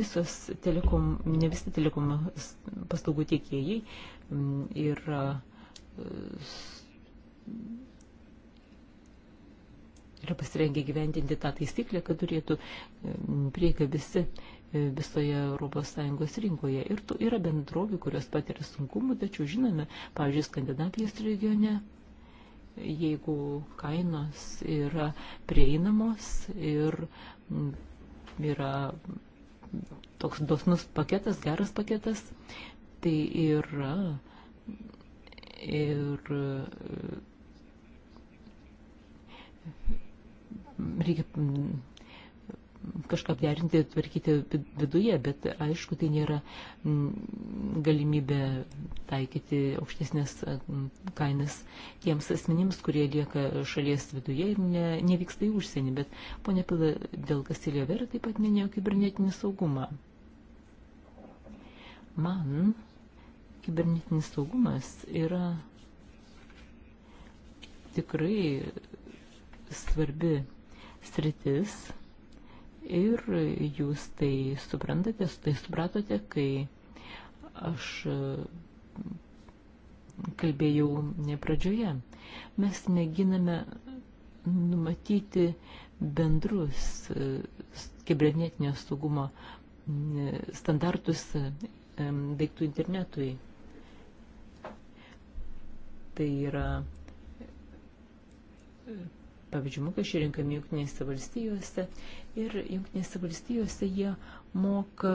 telekom, ne visi telekom paslaugų tiekėjai mm, yra e, yra pasirengę gyventinti tą taisyklę, kad turėtų e, prieigą visi e, visoje ES rinkoje. Ir tu, yra bendrovių, kurios patiria sunkumų, tačiau žinome, pavyzdžiui, Skandinavijos regione jeigu kainos yra prieinamos ir yra toks dosnus paketas, geras paketas, tai yra ir reikia kažką derinti, tvarkyti viduje, bet aišku, tai nėra mm, galimybė taikyti aukštesnės mm, kainas tiems asmenims, kurie lieka šalies viduje ir ne, nevyksta į užsienį. Bet ponė Pila dėl Kasilio Vera taip pat minėjo kibernetinį saugumą. Man kibernetinis saugumas yra tikrai svarbi sritis Ir jūs tai suprantate, tai supratote, kai aš mm, kalbėjau nepradžioje. Mes mėginame numatyti bendrus kibernetinio saugumo mm, standartus daiktų internetui. Tai yra pavyzdžiui, mokesčiai renkami Junktinėse valstijose ir Junktinėse valstijose jie moka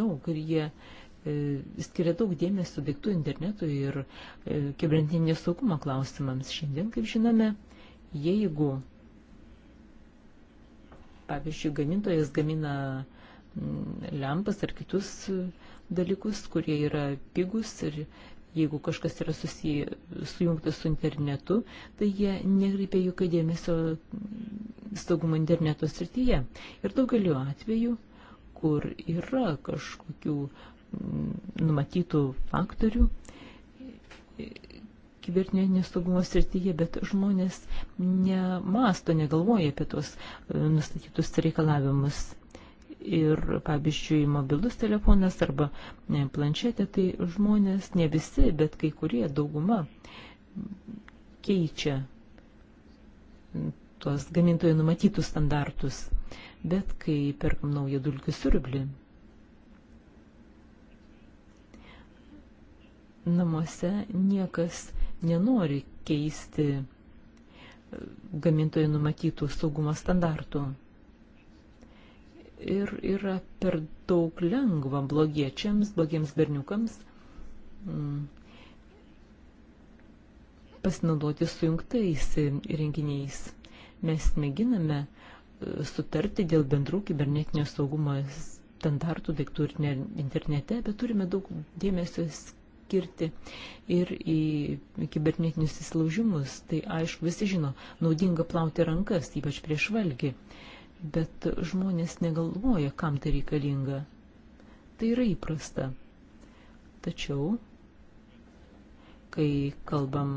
daug ir jie e, skiria daug dėmesio daiktų internetu ir e, kibernetinio saugumo klausimams. Šiandien, kaip žinome, jeigu, pavyzdžiui, gamintojas gamina mm, lempas ar kitus dalykus, kurie yra pigus ir jeigu kažkas yra susiję, sujungtas su internetu, tai jie nekreipia jokio dėmesio saugumo interneto srityje. Ir daugeliu atveju, kur yra kažkokių mm, numatytų faktorių kibernetinio saugumo srityje, bet žmonės nemasto, negalvoja apie tuos e, nustatytus reikalavimus ir, pavyzdžiui, mobilus telefonas arba e, planšetė, tai žmonės, ne visi, bet kai kurie, dauguma keičia tuos gamintojų numatytus standartus. Bet kai perkam naują dulkių siurblį, namuose niekas nenori keisti e, gamintojų numatytų saugumo standartų ir yra per daug lengva blogiečiams, blogiems berniukams mm, pasinaudoti sujungtais renginiais. Mes mėginame e, sutarti dėl bendrų kibernetinio saugumo standartų daiktų ir internete, bet turime daug dėmesio skirti ir į kibernetinius įsilaužimus. Tai aišku, visi žino, naudinga plauti rankas, ypač prieš valgį bet žmonės negalvoja, kam tai reikalinga. Tai yra įprasta. Tačiau, kai kalbam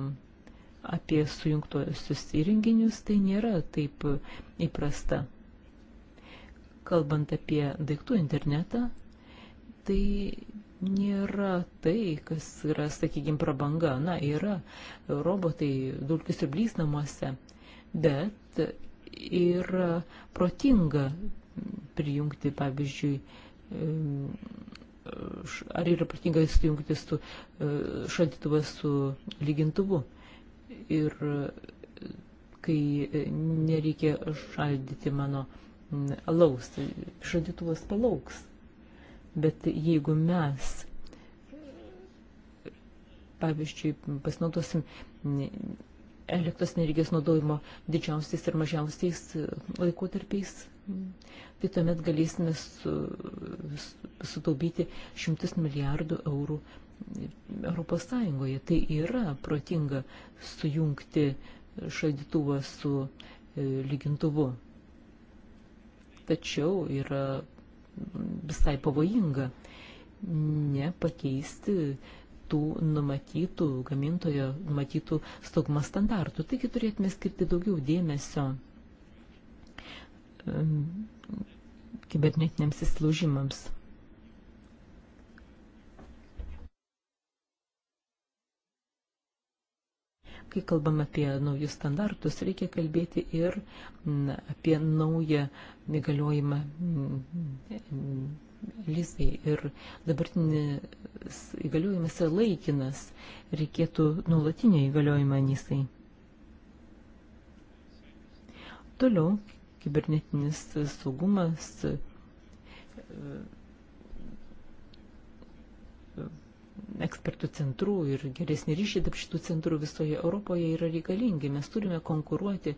apie sujungtuosius įrenginius, tai nėra taip įprasta. Kalbant apie daiktų internetą, tai nėra tai, kas yra, sakykime, prabanga. Na, yra robotai, dulkis ir blys namuose, bet ir protinga prijungti, pavyzdžiui, ar yra protinga sujungti su e, šaldytuvą su lygintuvu. Ir e, kai e, nereikia šaldyti mano alaus, tai šaldytuvas palauks. Bet jeigu mes, pavyzdžiui, pasinaudosim elektros energijos naudojimo didžiausiais ir mažiausiais e, laikotarpiais, tai tuomet galėsime su, su, sutaupyti šimtus milijardų eurų Europos Sąjungoje. Tai yra protinga sujungti šaldytuvą su e, lygintuvu. Tačiau yra visai pavojinga nepakeisti pakeisti tų numatytų, gamintojo numatytų saugumo standartų. Taigi turėtume skirti daugiau dėmesio kibernetiniams įsilaužimams. Kai kalbam apie naujus standartus, reikia kalbėti ir apie naują įgaliojimą Lizai ir dabartinis įgaliojimas yra laikinas, reikėtų nuolatinio įgaliojimą Nisai. Toliau kibernetinis saugumas e, ekspertų centrų ir geresni ryšiai tarp šitų centrų visoje Europoje yra reikalingi. Mes turime konkuruoti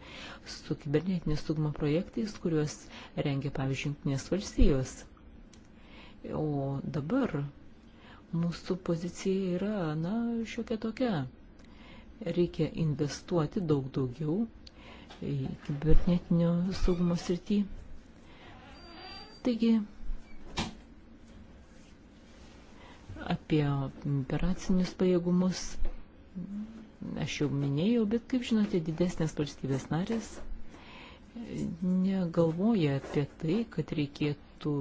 su kibernetinio saugumo projektais, kuriuos rengia, pavyzdžiui, Junktinės valstijos. O dabar mūsų pozicija yra, na, šiokia tokia. Reikia investuoti daug daugiau į kibernetinio saugumo srity. Taigi, apie operacinius pajėgumus aš jau minėjau, bet kaip žinote, didesnės valstybės narės negalvoja apie tai, kad reikėtų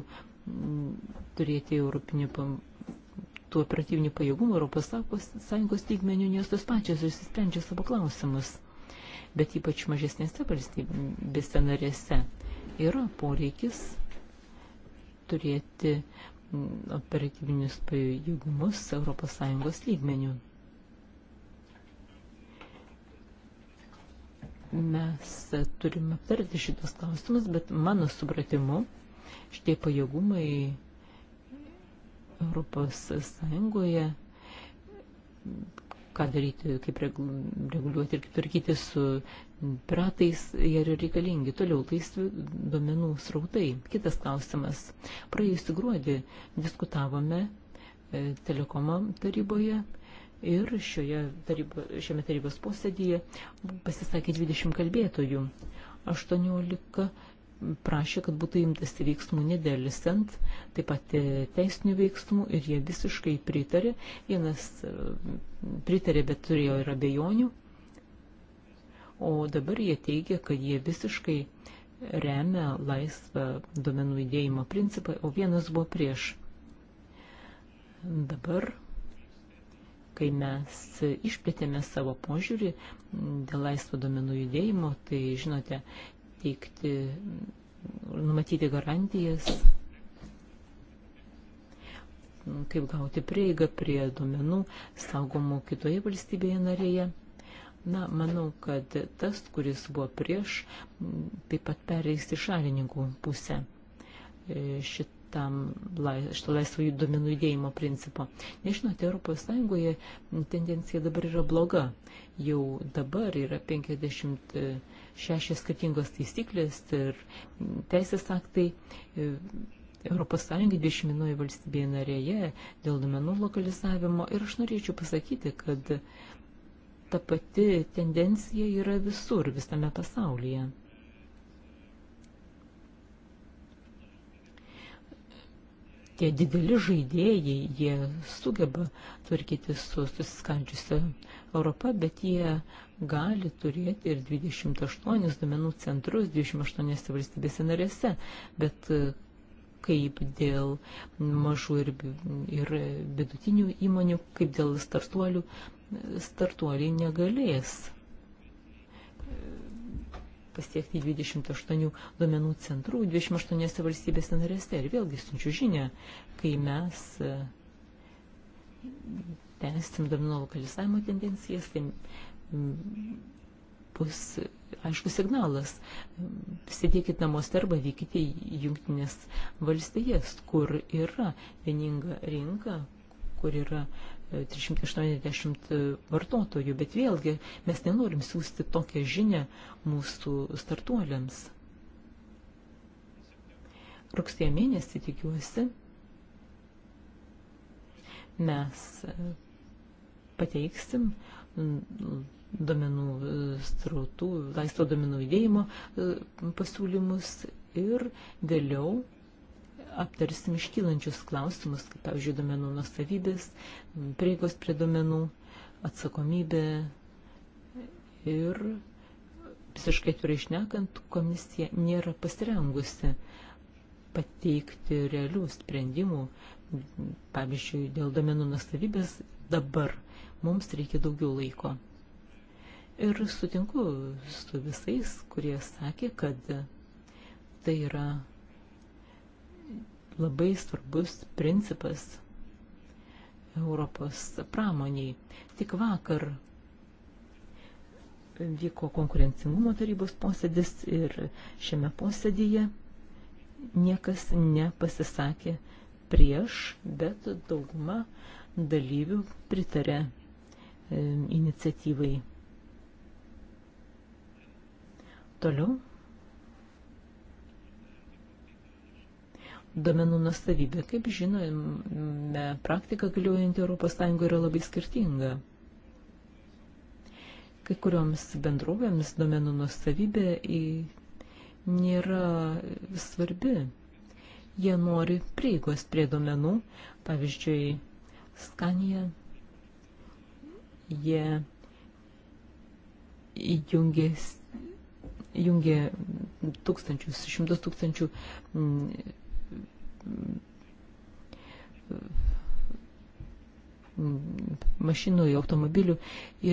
turėti europinį tų operatyvinių pajėgumų Europos Sąjungos lygmenių, nes tos pačios išsisprendžia savo klausimus. Bet ypač mažesnėse valstybėse narėse yra poreikis turėti operatyvinius pajėgumus Europos Sąjungos lygmenių. Mes turime aptarti šitos klausimus, bet mano supratimu, Šitie pajėgumai Europos Sąjungoje, ką daryti, kaip reguliuoti ir kaip tvarkyti su piratais, jie yra reikalingi. Toliau, laisvi duomenų srautai. Kitas klausimas. Praėjusį gruodį diskutavome e, telekomo taryboje ir šioje tarybo, šiame tarybos posėdyje pasisakė 20 kalbėtojų. 18 prašė, kad būtų imtasi veiksmų nedėlisant, taip pat e, teisinių veiksmų ir jie visiškai pritarė. Vienas e, pritarė, bet turėjo ir abejonių. O dabar jie teigia, kad jie visiškai remia laisvą duomenų įdėjimo principą, o vienas buvo prieš. Dabar, kai mes išplėtėme savo požiūrį dėl laisvo duomenų judėjimo, tai žinote, teikti, numatyti garantijas, kaip gauti prieigą prie duomenų saugomų kitoje valstybėje narėje. Na, manau, kad tas, kuris buvo prieš, taip pat pereis į šalininkų pusę e, šitam šito laisvo duomenų judėjimo principo. Nežinote, Europos Sąjungoje tendencija dabar yra bloga. Jau dabar yra 50 šešios skirtingos taisyklės tai ir teisės aktai Europos Sąjungai 21 valstybėje narėje dėl duomenų lokalizavimo ir aš norėčiau pasakyti, kad ta pati tendencija yra visur, visame pasaulyje. Tie dideli žaidėjai, jie sugeba tvarkyti su susiskandžiusią Europą, bet jie gali turėti ir 28 duomenų centrus 28 valstybėse narėse, bet e, kaip dėl mažų ir, ir vidutinių įmonių, kaip dėl startuolių, startuoliai negalės e, pasiekti 28 duomenų centrų 28 valstybėse narėse. Ir vėlgi siunčiu žinę, kai mes e, tęsim duomenų lokalizavimo tendencijas, tai bus aišku signalas. Sėdėkit namuose arba vykite į jungtinės valstijas, kur yra vieninga rinka, kur yra 380 e, vartotojų, bet vėlgi mes nenorim siūsti tokią žinę mūsų startuoliams. Rugsėjo mėnesį tikiuosi, mes e, pateiksim domenų e, strautų, laisvo domenų judėjimo e, pasiūlymus ir vėliau aptarsim iškylančius klausimus, kaip, pavyzdžiui, domenų nusavybės, prieigos prie domenų, atsakomybė ir visiškai atvirai išnekant, komisija nėra pasirengusi pateikti realių sprendimų, pavyzdžiui, dėl domenų nusavybės dabar. Mums reikia daugiau laiko. Ir sutinku su visais, kurie sakė, kad tai yra labai svarbus principas Europos pramoniai. Tik vakar vyko konkurencingumo tarybos posėdis ir šiame posėdyje niekas nepasisakė prieš, bet dauguma dalyvių pritarė iniciatyvai. Toliau. Domenų nustavybė. Kaip žinome, praktika galiuojanti ES yra labai skirtinga. Kai kurioms bendrovėms domenų nustavybė nėra svarbi. Jie nori prieigos prie domenų, pavyzdžiui, Scania. Jie įjungės jungė tūkstančius, šimtus tūkstančių mm, mm, mašinų, automobilių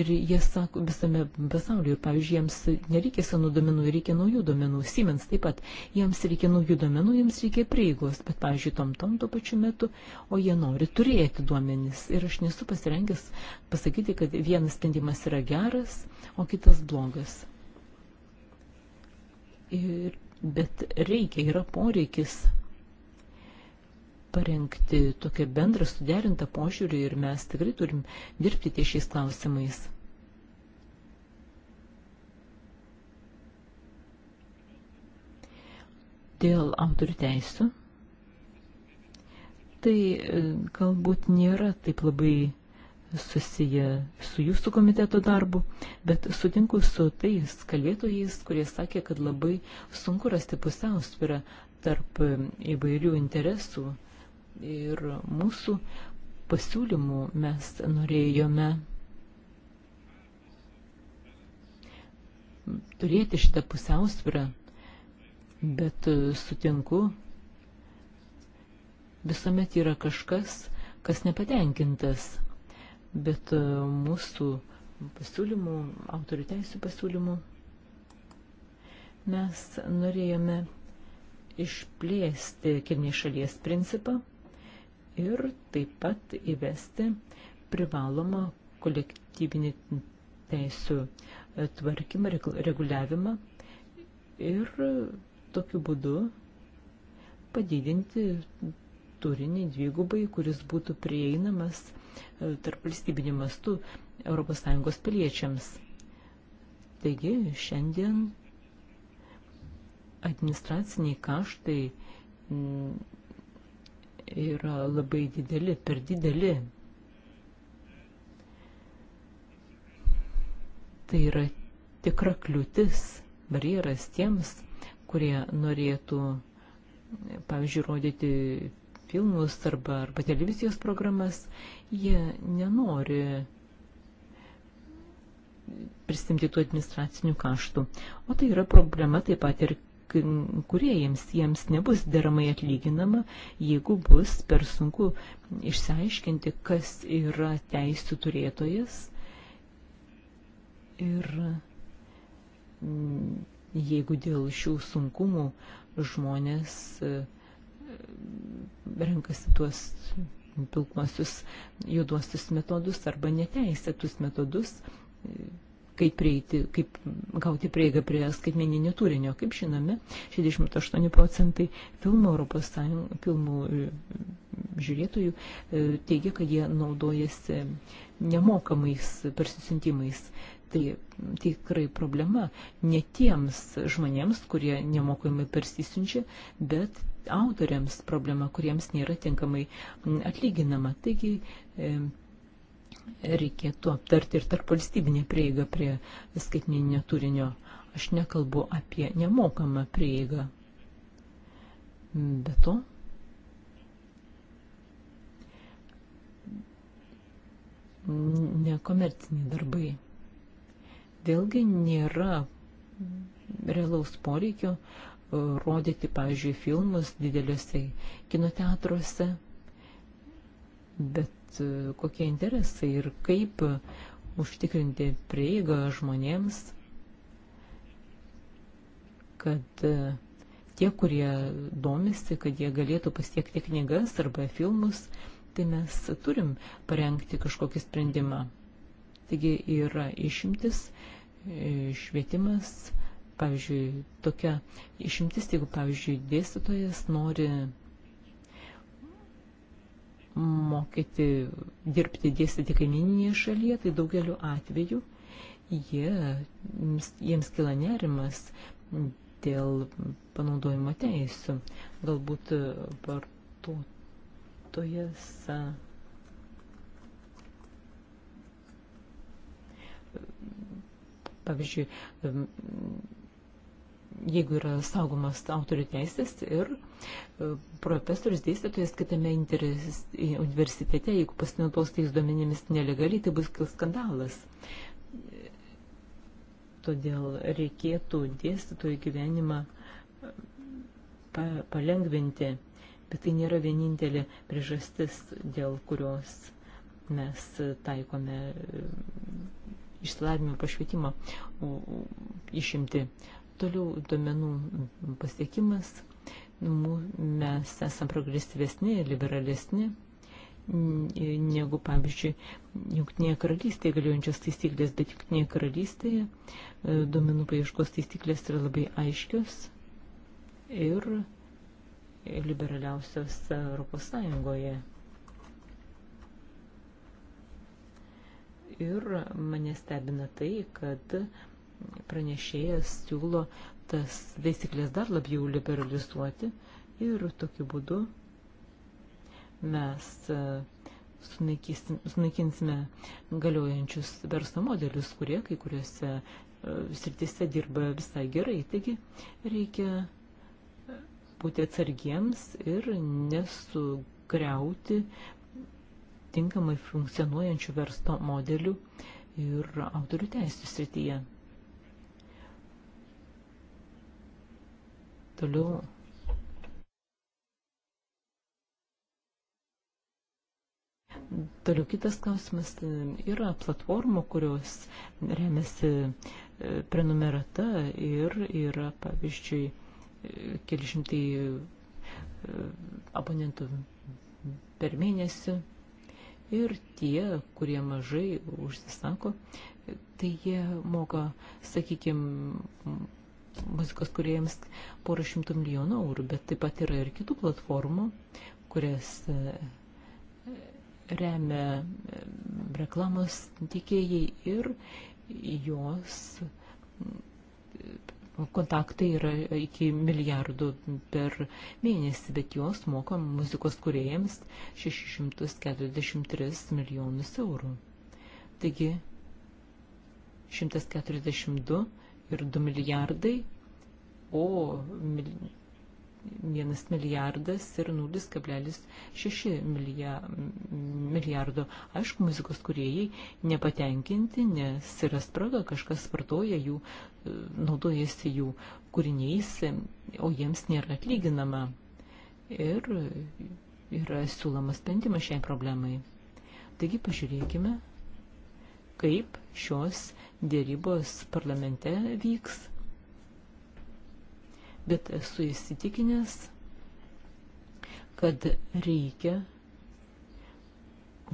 ir jie sako visame pasaulyje. Ir, pavyzdžiui, jiems nereikia senų domenų, reikia naujų domenų. Siemens taip pat, jiems reikia naujų domenų, jiems reikia prieigos, bet, pavyzdžiui, tom tom tuo pačiu metu, o jie nori turėti duomenis. Ir aš nesu pasirengęs pasakyti, kad vienas sprendimas yra geras, o kitas blogas. Ir, bet reikia, yra poreikis parengti tokią bendrą suderintą požiūrį ir mes tikrai turim dirbti ties šiais klausimais. Dėl autorių teisų, tai e, galbūt nėra taip labai susiję su jūsų komiteto darbu, bet sutinku su tais kalbėtojais, kurie sakė, kad labai sunku rasti pusiausvyrą tarp įvairių interesų ir mūsų pasiūlymų mes norėjome turėti šitą pusiausvyrą, bet sutinku, visuomet yra kažkas, kas nepatenkintas bet e, mūsų pasiūlymų, autorių teisų pasiūlymų, mes norėjome išplėsti kilniai šalies principą ir taip pat įvesti privalomą kolektyvinį teisų e, tvarkymą, reguliavimą ir tokiu būdu padidinti turinį dvigubai, kuris būtų prieinamas tarp valstybinių mastų ES piliečiams. Taigi šiandien administraciniai kaštai mm, yra labai dideli, per dideli. Tai yra tikra kliūtis, barjeras tiems, kurie norėtų, pavyzdžiui, rodyti filmus arba, arba televizijos programas Jie nenori prisimti tų administracinių kaštų. O tai yra problema taip pat ir kuriejams, jiems nebus deramai atlyginama, jeigu bus per sunku išsiaiškinti, kas yra teisų turėtojas ir mm, jeigu dėl šių sunkumų žmonės e, renkasi tuos pilkmasius juoduosius metodus arba neteisėtus metodus, kaip, prieiti, kaip gauti prieigą prie skaitmeninio turinio. Kaip žinome, 68 procentai filmų Europos Sąjungų, filmų e, žiūrėtojų e, teigia, kad jie naudojasi nemokamais persisintimais tai tikrai problema ne tiems žmonėms, kurie nemokamai persisunčia, bet autoriams problema, kuriems nėra tinkamai atlyginama. Taigi e, reikėtų aptarti ir tarp valstybinę prieigą prie skaitmininio turinio. Aš nekalbu apie nemokamą prieigą. Be to, nekomerciniai darbai vėlgi nėra realaus poreikio e, rodyti, pavyzdžiui, filmus dideliuose kinoteatruose, bet e, kokie interesai ir kaip užtikrinti prieigą žmonėms, kad e, tie, kurie domisi, kad jie galėtų pasiekti knygas arba filmus, tai mes turim parengti kažkokį sprendimą. Taigi yra išimtis, švietimas, pavyzdžiui, tokia išimtis, jeigu, pavyzdžiui, dėstytojas nori mokyti, dirbti, dėstyti kaimininėje šalyje, tai daugeliu atveju jie, jiems kila nerimas dėl panaudojimo teisų. Galbūt vartotojas. Uh, Pavyzdžiui, jeigu yra saugomas autorių teisės ir e, profesorius dėstytojas kitame universitete, jeigu pasinaudos tais duomenimis nelegaliai, tai bus skandalas. Todėl reikėtų dėstytojų gyvenimą pa palengvinti, bet tai nėra vienintelė priežastis, dėl kurios mes taikome išsilavinimo pašvietimo išimti. Toliau duomenų pasiekimas. Mes esam progresyvesni ir liberalesni negu, pavyzdžiui, Junktinėje karalystėje galiojančios taisyklės, bet Junktinėje karalystėje e, duomenų paieškos taisyklės yra labai aiškios ir liberaliausios Europos Sąjungoje Ir mane stebina tai, kad pranešėjas siūlo tas taisyklės dar labiau liberalizuoti ir tokiu būdu mes e, sunaikinsime galiojančius verslo modelius, kurie kai kuriuose e, sritise dirba visai gerai. Taigi reikia e, būti atsargiems ir nesugriauti tinkamai funkcionuojančių verslo modelių ir autorių teisų srityje. Toliau. Toliau kitas klausimas tai yra platformų, kurios remiasi e, prenumerata ir yra, pavyzdžiui, e, keli šimtai e, abonentų per mėnesį ir tie, kurie mažai užsisako, tai jie moka, sakykime, muzikos kuriejams porą šimtų milijonų eurų, bet taip pat yra ir kitų platformų, kurias e, remia e, reklamos tikėjai ir jos kontaktai yra iki milijardų per mėnesį, bet jos moka muzikos kuriejams 643 milijonus eurų. Taigi 142 ir 2 milijardai, o 1 milijardas ir 0,6 milijardo. Aišku, muzikos kuriejai nepatenkinti, nes yra spraga, kažkas vartoja jų, e, naudojasi jų kūriniais, o jiems nėra atlyginama. Ir yra siūlomas sprendimas šiai problemai. Taigi pažiūrėkime, kaip šios dėrybos parlamente vyks bet esu įsitikinęs, kad reikia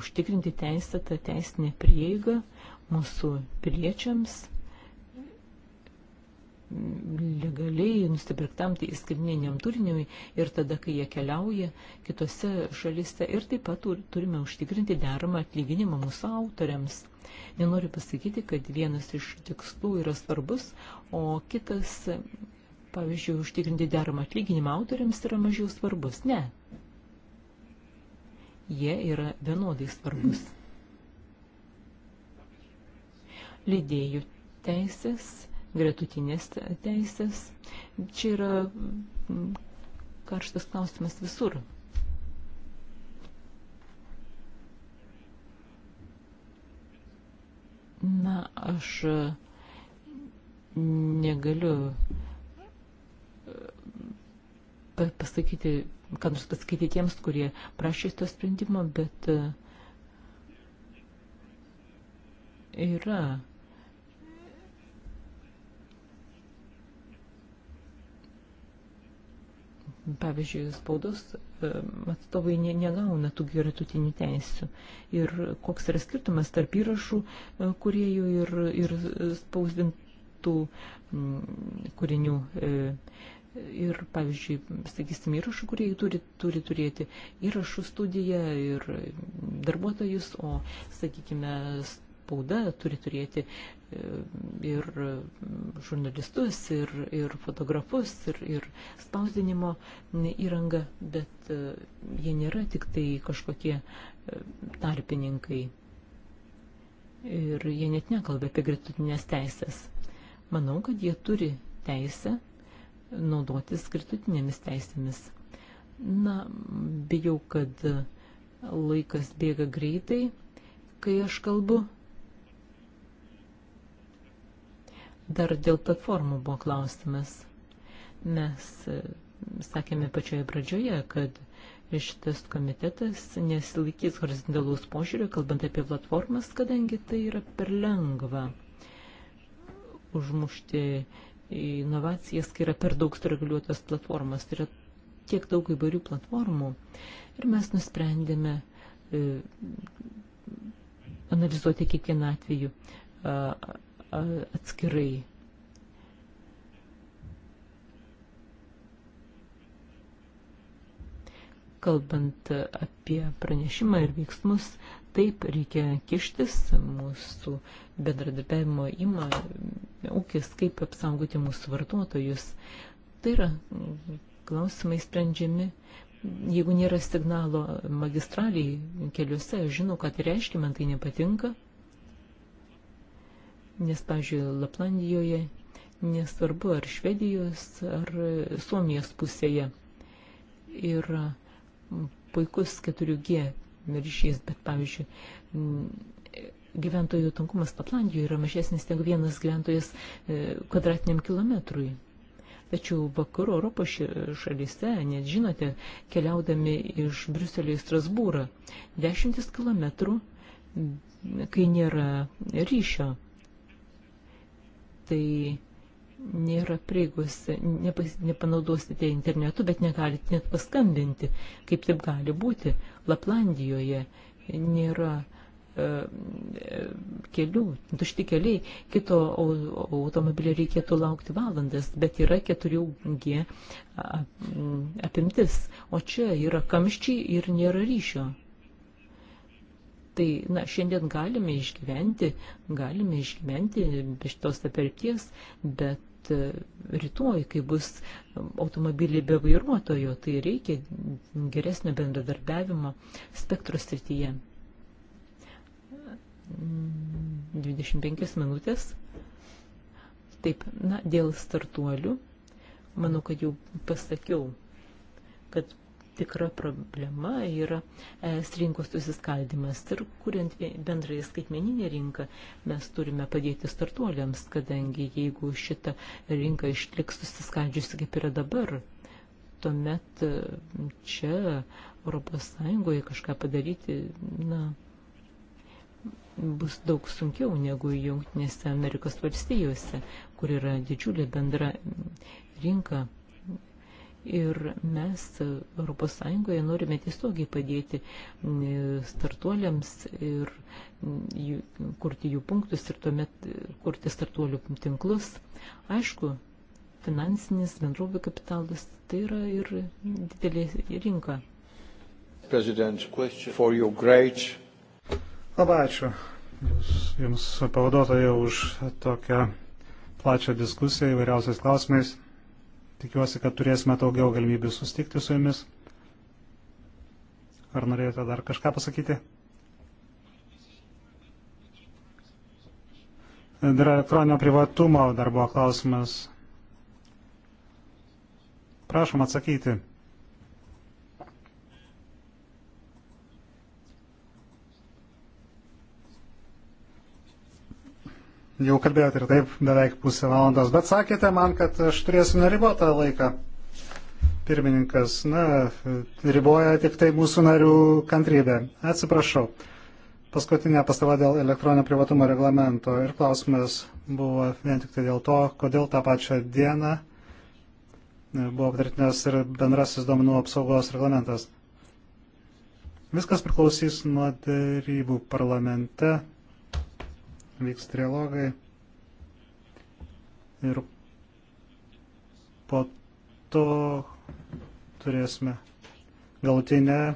užtikrinti teisėtą teisinę prieigą mūsų piliečiams legaliai nusipirktam tai skaitmeniniam turiniui ir tada, kai jie keliauja kitose šalise ir taip pat turime užtikrinti deramą atlyginimą mūsų autoriams. Nenoriu pasakyti, kad vienas iš tikslų yra svarbus, o kitas pavyzdžiui, užtikrinti deramą atlyginimą autoriams yra mažiau svarbus. Ne. Jie yra vienodai svarbus. Lydėjų teisės, gretutinės teisės. Čia yra karštas klausimas visur. Na, aš negaliu pasakyti, ką nors pasakyti tiems, kurie prašė to sprendimo, bet e, yra pavyzdžiui, spaudos e, atstovai negauna tų gretutinių teisių. Ir koks yra skirtumas tarp įrašų e, kuriejų ir, ir spausdintų kūrinių Ir, pavyzdžiui, sakysim, įrašų, kurie turi, turi turėti įrašų studiją ir darbuotojus, o, sakykime, spauda turi turėti e, ir žurnalistus, ir, ir fotografus, ir, ir spausdinimo įrangą, bet e, jie nėra tik tai kažkokie e, tarpininkai. Ir jie net nekalba apie gretutinės teisės. Manau, kad jie turi teisę naudotis kritutinėmis teisėmis. Na, bijau, kad laikas bėga greitai, kai aš kalbu. Dar dėl platformų buvo klausimas. Mes e, sakėme pačioje pradžioje, kad šitas komitetas nesilaikys horizontalaus požiūrio, kalbant apie platformas, kadangi tai yra per lengva užmušti inovacijas, kai yra per daug sureguliuotas platformas, tai yra tiek daug įvairių platformų. Ir mes nusprendėme e, analizuoti kiekvieną atvejį a, a, atskirai. Kalbant apie pranešimą ir veiksmus, Taip reikia kištis mūsų bendradarbiavimo ima ūkis, kaip apsaugoti mūsų vartotojus. Tai yra mm, klausimai sprendžiami. Jeigu nėra signalo magistraliai keliuose, aš žinau, kad tai reiškia, man tai nepatinka. Nes, pažiūrėjau, Laplandijoje nesvarbu ar Švedijos, ar Suomijos pusėje yra puikus 4G ryšys, bet pavyzdžiui, gyventojų tankumas Patlandijoje yra mažesnis negu vienas gyventojas e, kvadratiniam kilometrui. Tačiau vakarų Europos šalyse, net žinote, keliaudami iš Briuselio į Strasbūrą, dešimtis kilometrų, kai nėra ryšio, tai nėra prieigos, nepanaudosite internetu, bet negalite net paskambinti. Kaip taip gali būti? Laplandijoje nėra e, e kelių, tušti keliai, kito automobilio reikėtų laukti valandas, bet yra 4G apimtis, o čia yra kamščiai ir nėra ryšio. Tai, na, šiandien galime išgyventi, galime išgyventi be šitos apirties, bet rytoj, kai bus automobiliai be vairuotojo, tai reikia geresnio bendradarbiavimo spektro srityje. 25 minutės. Taip, na, dėl startuolių, manau, kad jau pasakiau, kad tikra problema yra es rinkos susiskaldimas. Ir kuriant bendrąją skaitmeninę rinką, mes turime padėti startuoliams, kadangi jeigu šita rinka išliks susiskaldžiusi kaip yra dabar, tuomet e, čia Europos Sąjungoje kažką padaryti, na, bus daug sunkiau negu Junktinėse Amerikos valstijose, kur yra didžiulė bendra rinka Ir mes ES norime tiesiogiai padėti startuoliams ir kurti jų punktus ir tuomet kurti startuolių tinklus. Aišku, finansinis bendrovė kapitalas tai yra ir didelė rinka. Labai ačiū Jūs, Jums pavaduotoja už tokią plačią diskusiją įvairiausiais klausimais. Tikiuosi, kad turėsime daugiau galimybių sustikti su jumis. Ar norėjote dar kažką pasakyti? Dėl elektroninio privatumo dar buvo klausimas. Prašom atsakyti. jau kalbėjote ir taip beveik pusę valandos, bet sakėte man, kad aš turėsiu neribotą laiką. Pirmininkas, na, riboja tik tai mūsų narių kantrybė. Atsiprašau. Paskutinė pastaba dėl elektroninio privatumo reglamento ir klausimas buvo vien tik tai dėl to, kodėl tą pačią dieną buvo aptartinės ir bendrasis duomenų apsaugos reglamentas. Viskas priklausys nuo darybų parlamente vyks trilogai ir po to turėsime galutinę e,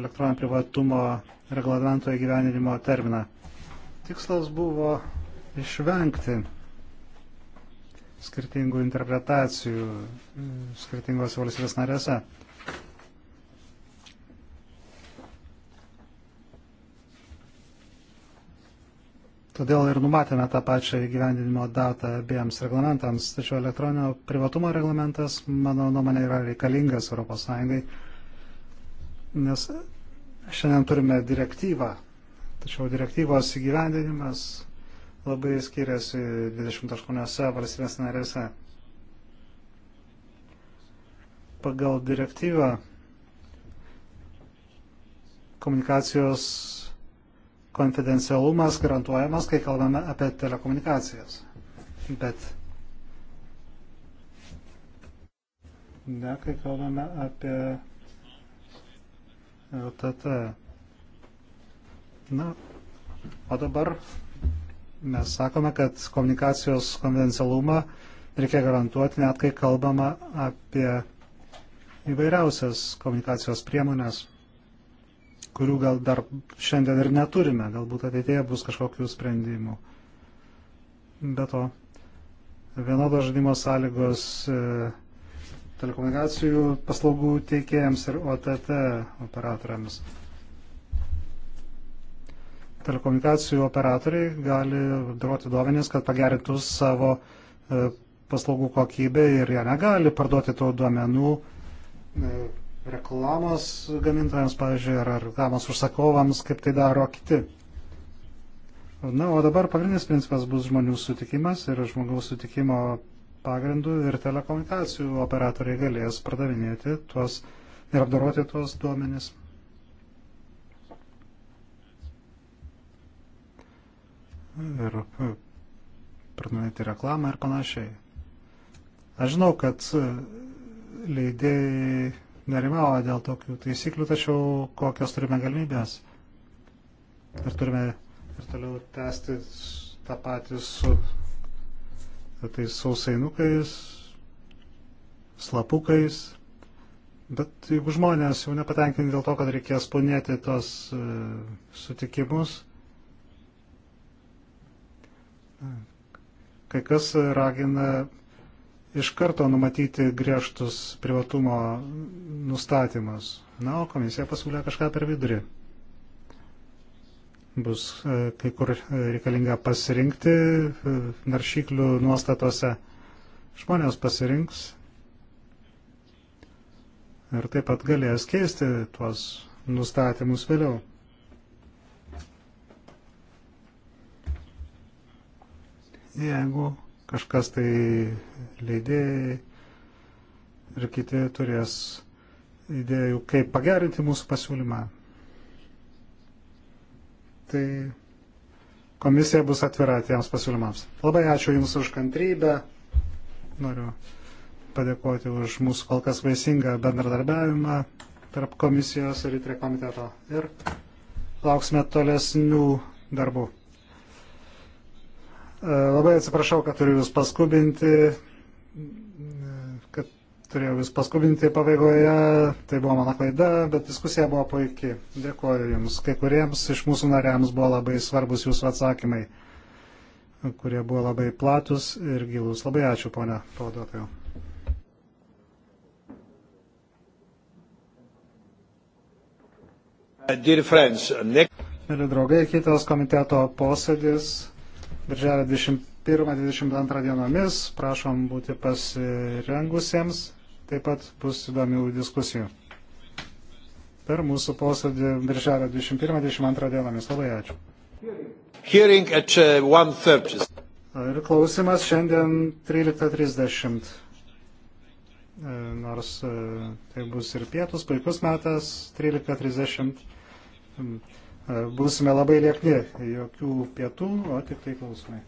elektroninio privatumo reglamento įgyveninimo terminą. Tikslas buvo išvengti skirtingų interpretacijų e, skirtingose valstybės narėse. Todėl ir numatėme tą pačią įgyvendinimo datą abiems reglamentams. Tačiau elektroninio privatumo reglamentas, mano nuomonė, yra reikalingas ES, nes šiandien turime direktyvą. Tačiau direktyvos įgyvendinimas labai skiriasi 28 valstybės narėse. Pagal direktyvą komunikacijos konfidencialumas garantuojamas, kai kalbame apie telekomunikacijas. Bet ne, kai kalbame apie LTT. Na, o dabar mes sakome, kad komunikacijos konfidencialumą reikia garantuoti, net kai kalbama apie įvairiausias komunikacijos priemonės kurių gal dar šiandien ir neturime, galbūt ateitėje bus kažkokių sprendimų. Be to, vienodos žaidimo sąlygos e, telekomunikacijų paslaugų teikėjams ir OTT operatoriams. Telekomunikacijų operatoriai gali duoti duomenis, kad pagerintų savo e, paslaugų kokybę ir jie negali parduoti tų duomenų e, reklamos gamintojams, pavyzdžiui, ar reklamos užsakovams, kaip tai daro kiti. Na, o dabar pagrindinis principas bus žmonių sutikimas ir žmogaus sutikimo pagrindų ir telekomunikacijų operatoriai galės pardavinėti tuos ir apdoroti tuos duomenis. Ir pardavinėti reklamą ir panašiai. Aš žinau, kad leidėjai nerimavo dėl tokių taisyklių, tačiau kokios turime galimybės. Ir turime ir toliau tęsti tą patį su tais sausainukais, slapukais. Bet jeigu žmonės jau nepatenkinti dėl to, kad reikės ponėti tos e, sutikimus, kai kas ragina iš karto numatyti griežtus privatumo nustatymus. Na, o komisija pasiūlė kažką per vidurį. Bus e, kai kur e, reikalinga pasirinkti e, naršyklių nuostatose. Žmonės pasirinks ir taip pat galės keisti tuos nustatymus vėliau. Jeigu kažkas tai leidėjai ir kiti turės idėjų, kaip pagerinti mūsų pasiūlymą. Tai komisija bus atvira tiems pasiūlymams. Labai ačiū Jums už kantrybę. Noriu padėkoti už mūsų kol kas vaisingą bendradarbiavimą tarp komisijos ir įtrė komiteto. Ir lauksime tolesnių darbų. E, labai atsiprašau, kad turiu Jūs paskubinti, kad turėjau Jūs paskubinti pabaigoje, tai buvo mano klaida, bet diskusija buvo puikiai. Dėkuoju Jums. Kai kuriems iš mūsų nariams buvo labai svarbus Jūsų atsakymai, kurie buvo labai platus ir gilus. Labai ačiū, ponia pavaduotojau. Mėly draugai, kitas komiteto posėdis birželio 21-22 dienomis. Prašom būti pasirengusiems. Taip pat bus įdomių diskusijų per mūsų posėdį birželio 21-22 dienomis. Labai ačiū. Hearing at 1.30. Uh, ir klausimas šiandien 13.30. E, nors e, tai bus ir pietus, puikus metas, 13.30. Būsime labai liekni, jokių pietų, o tik tai klausimai.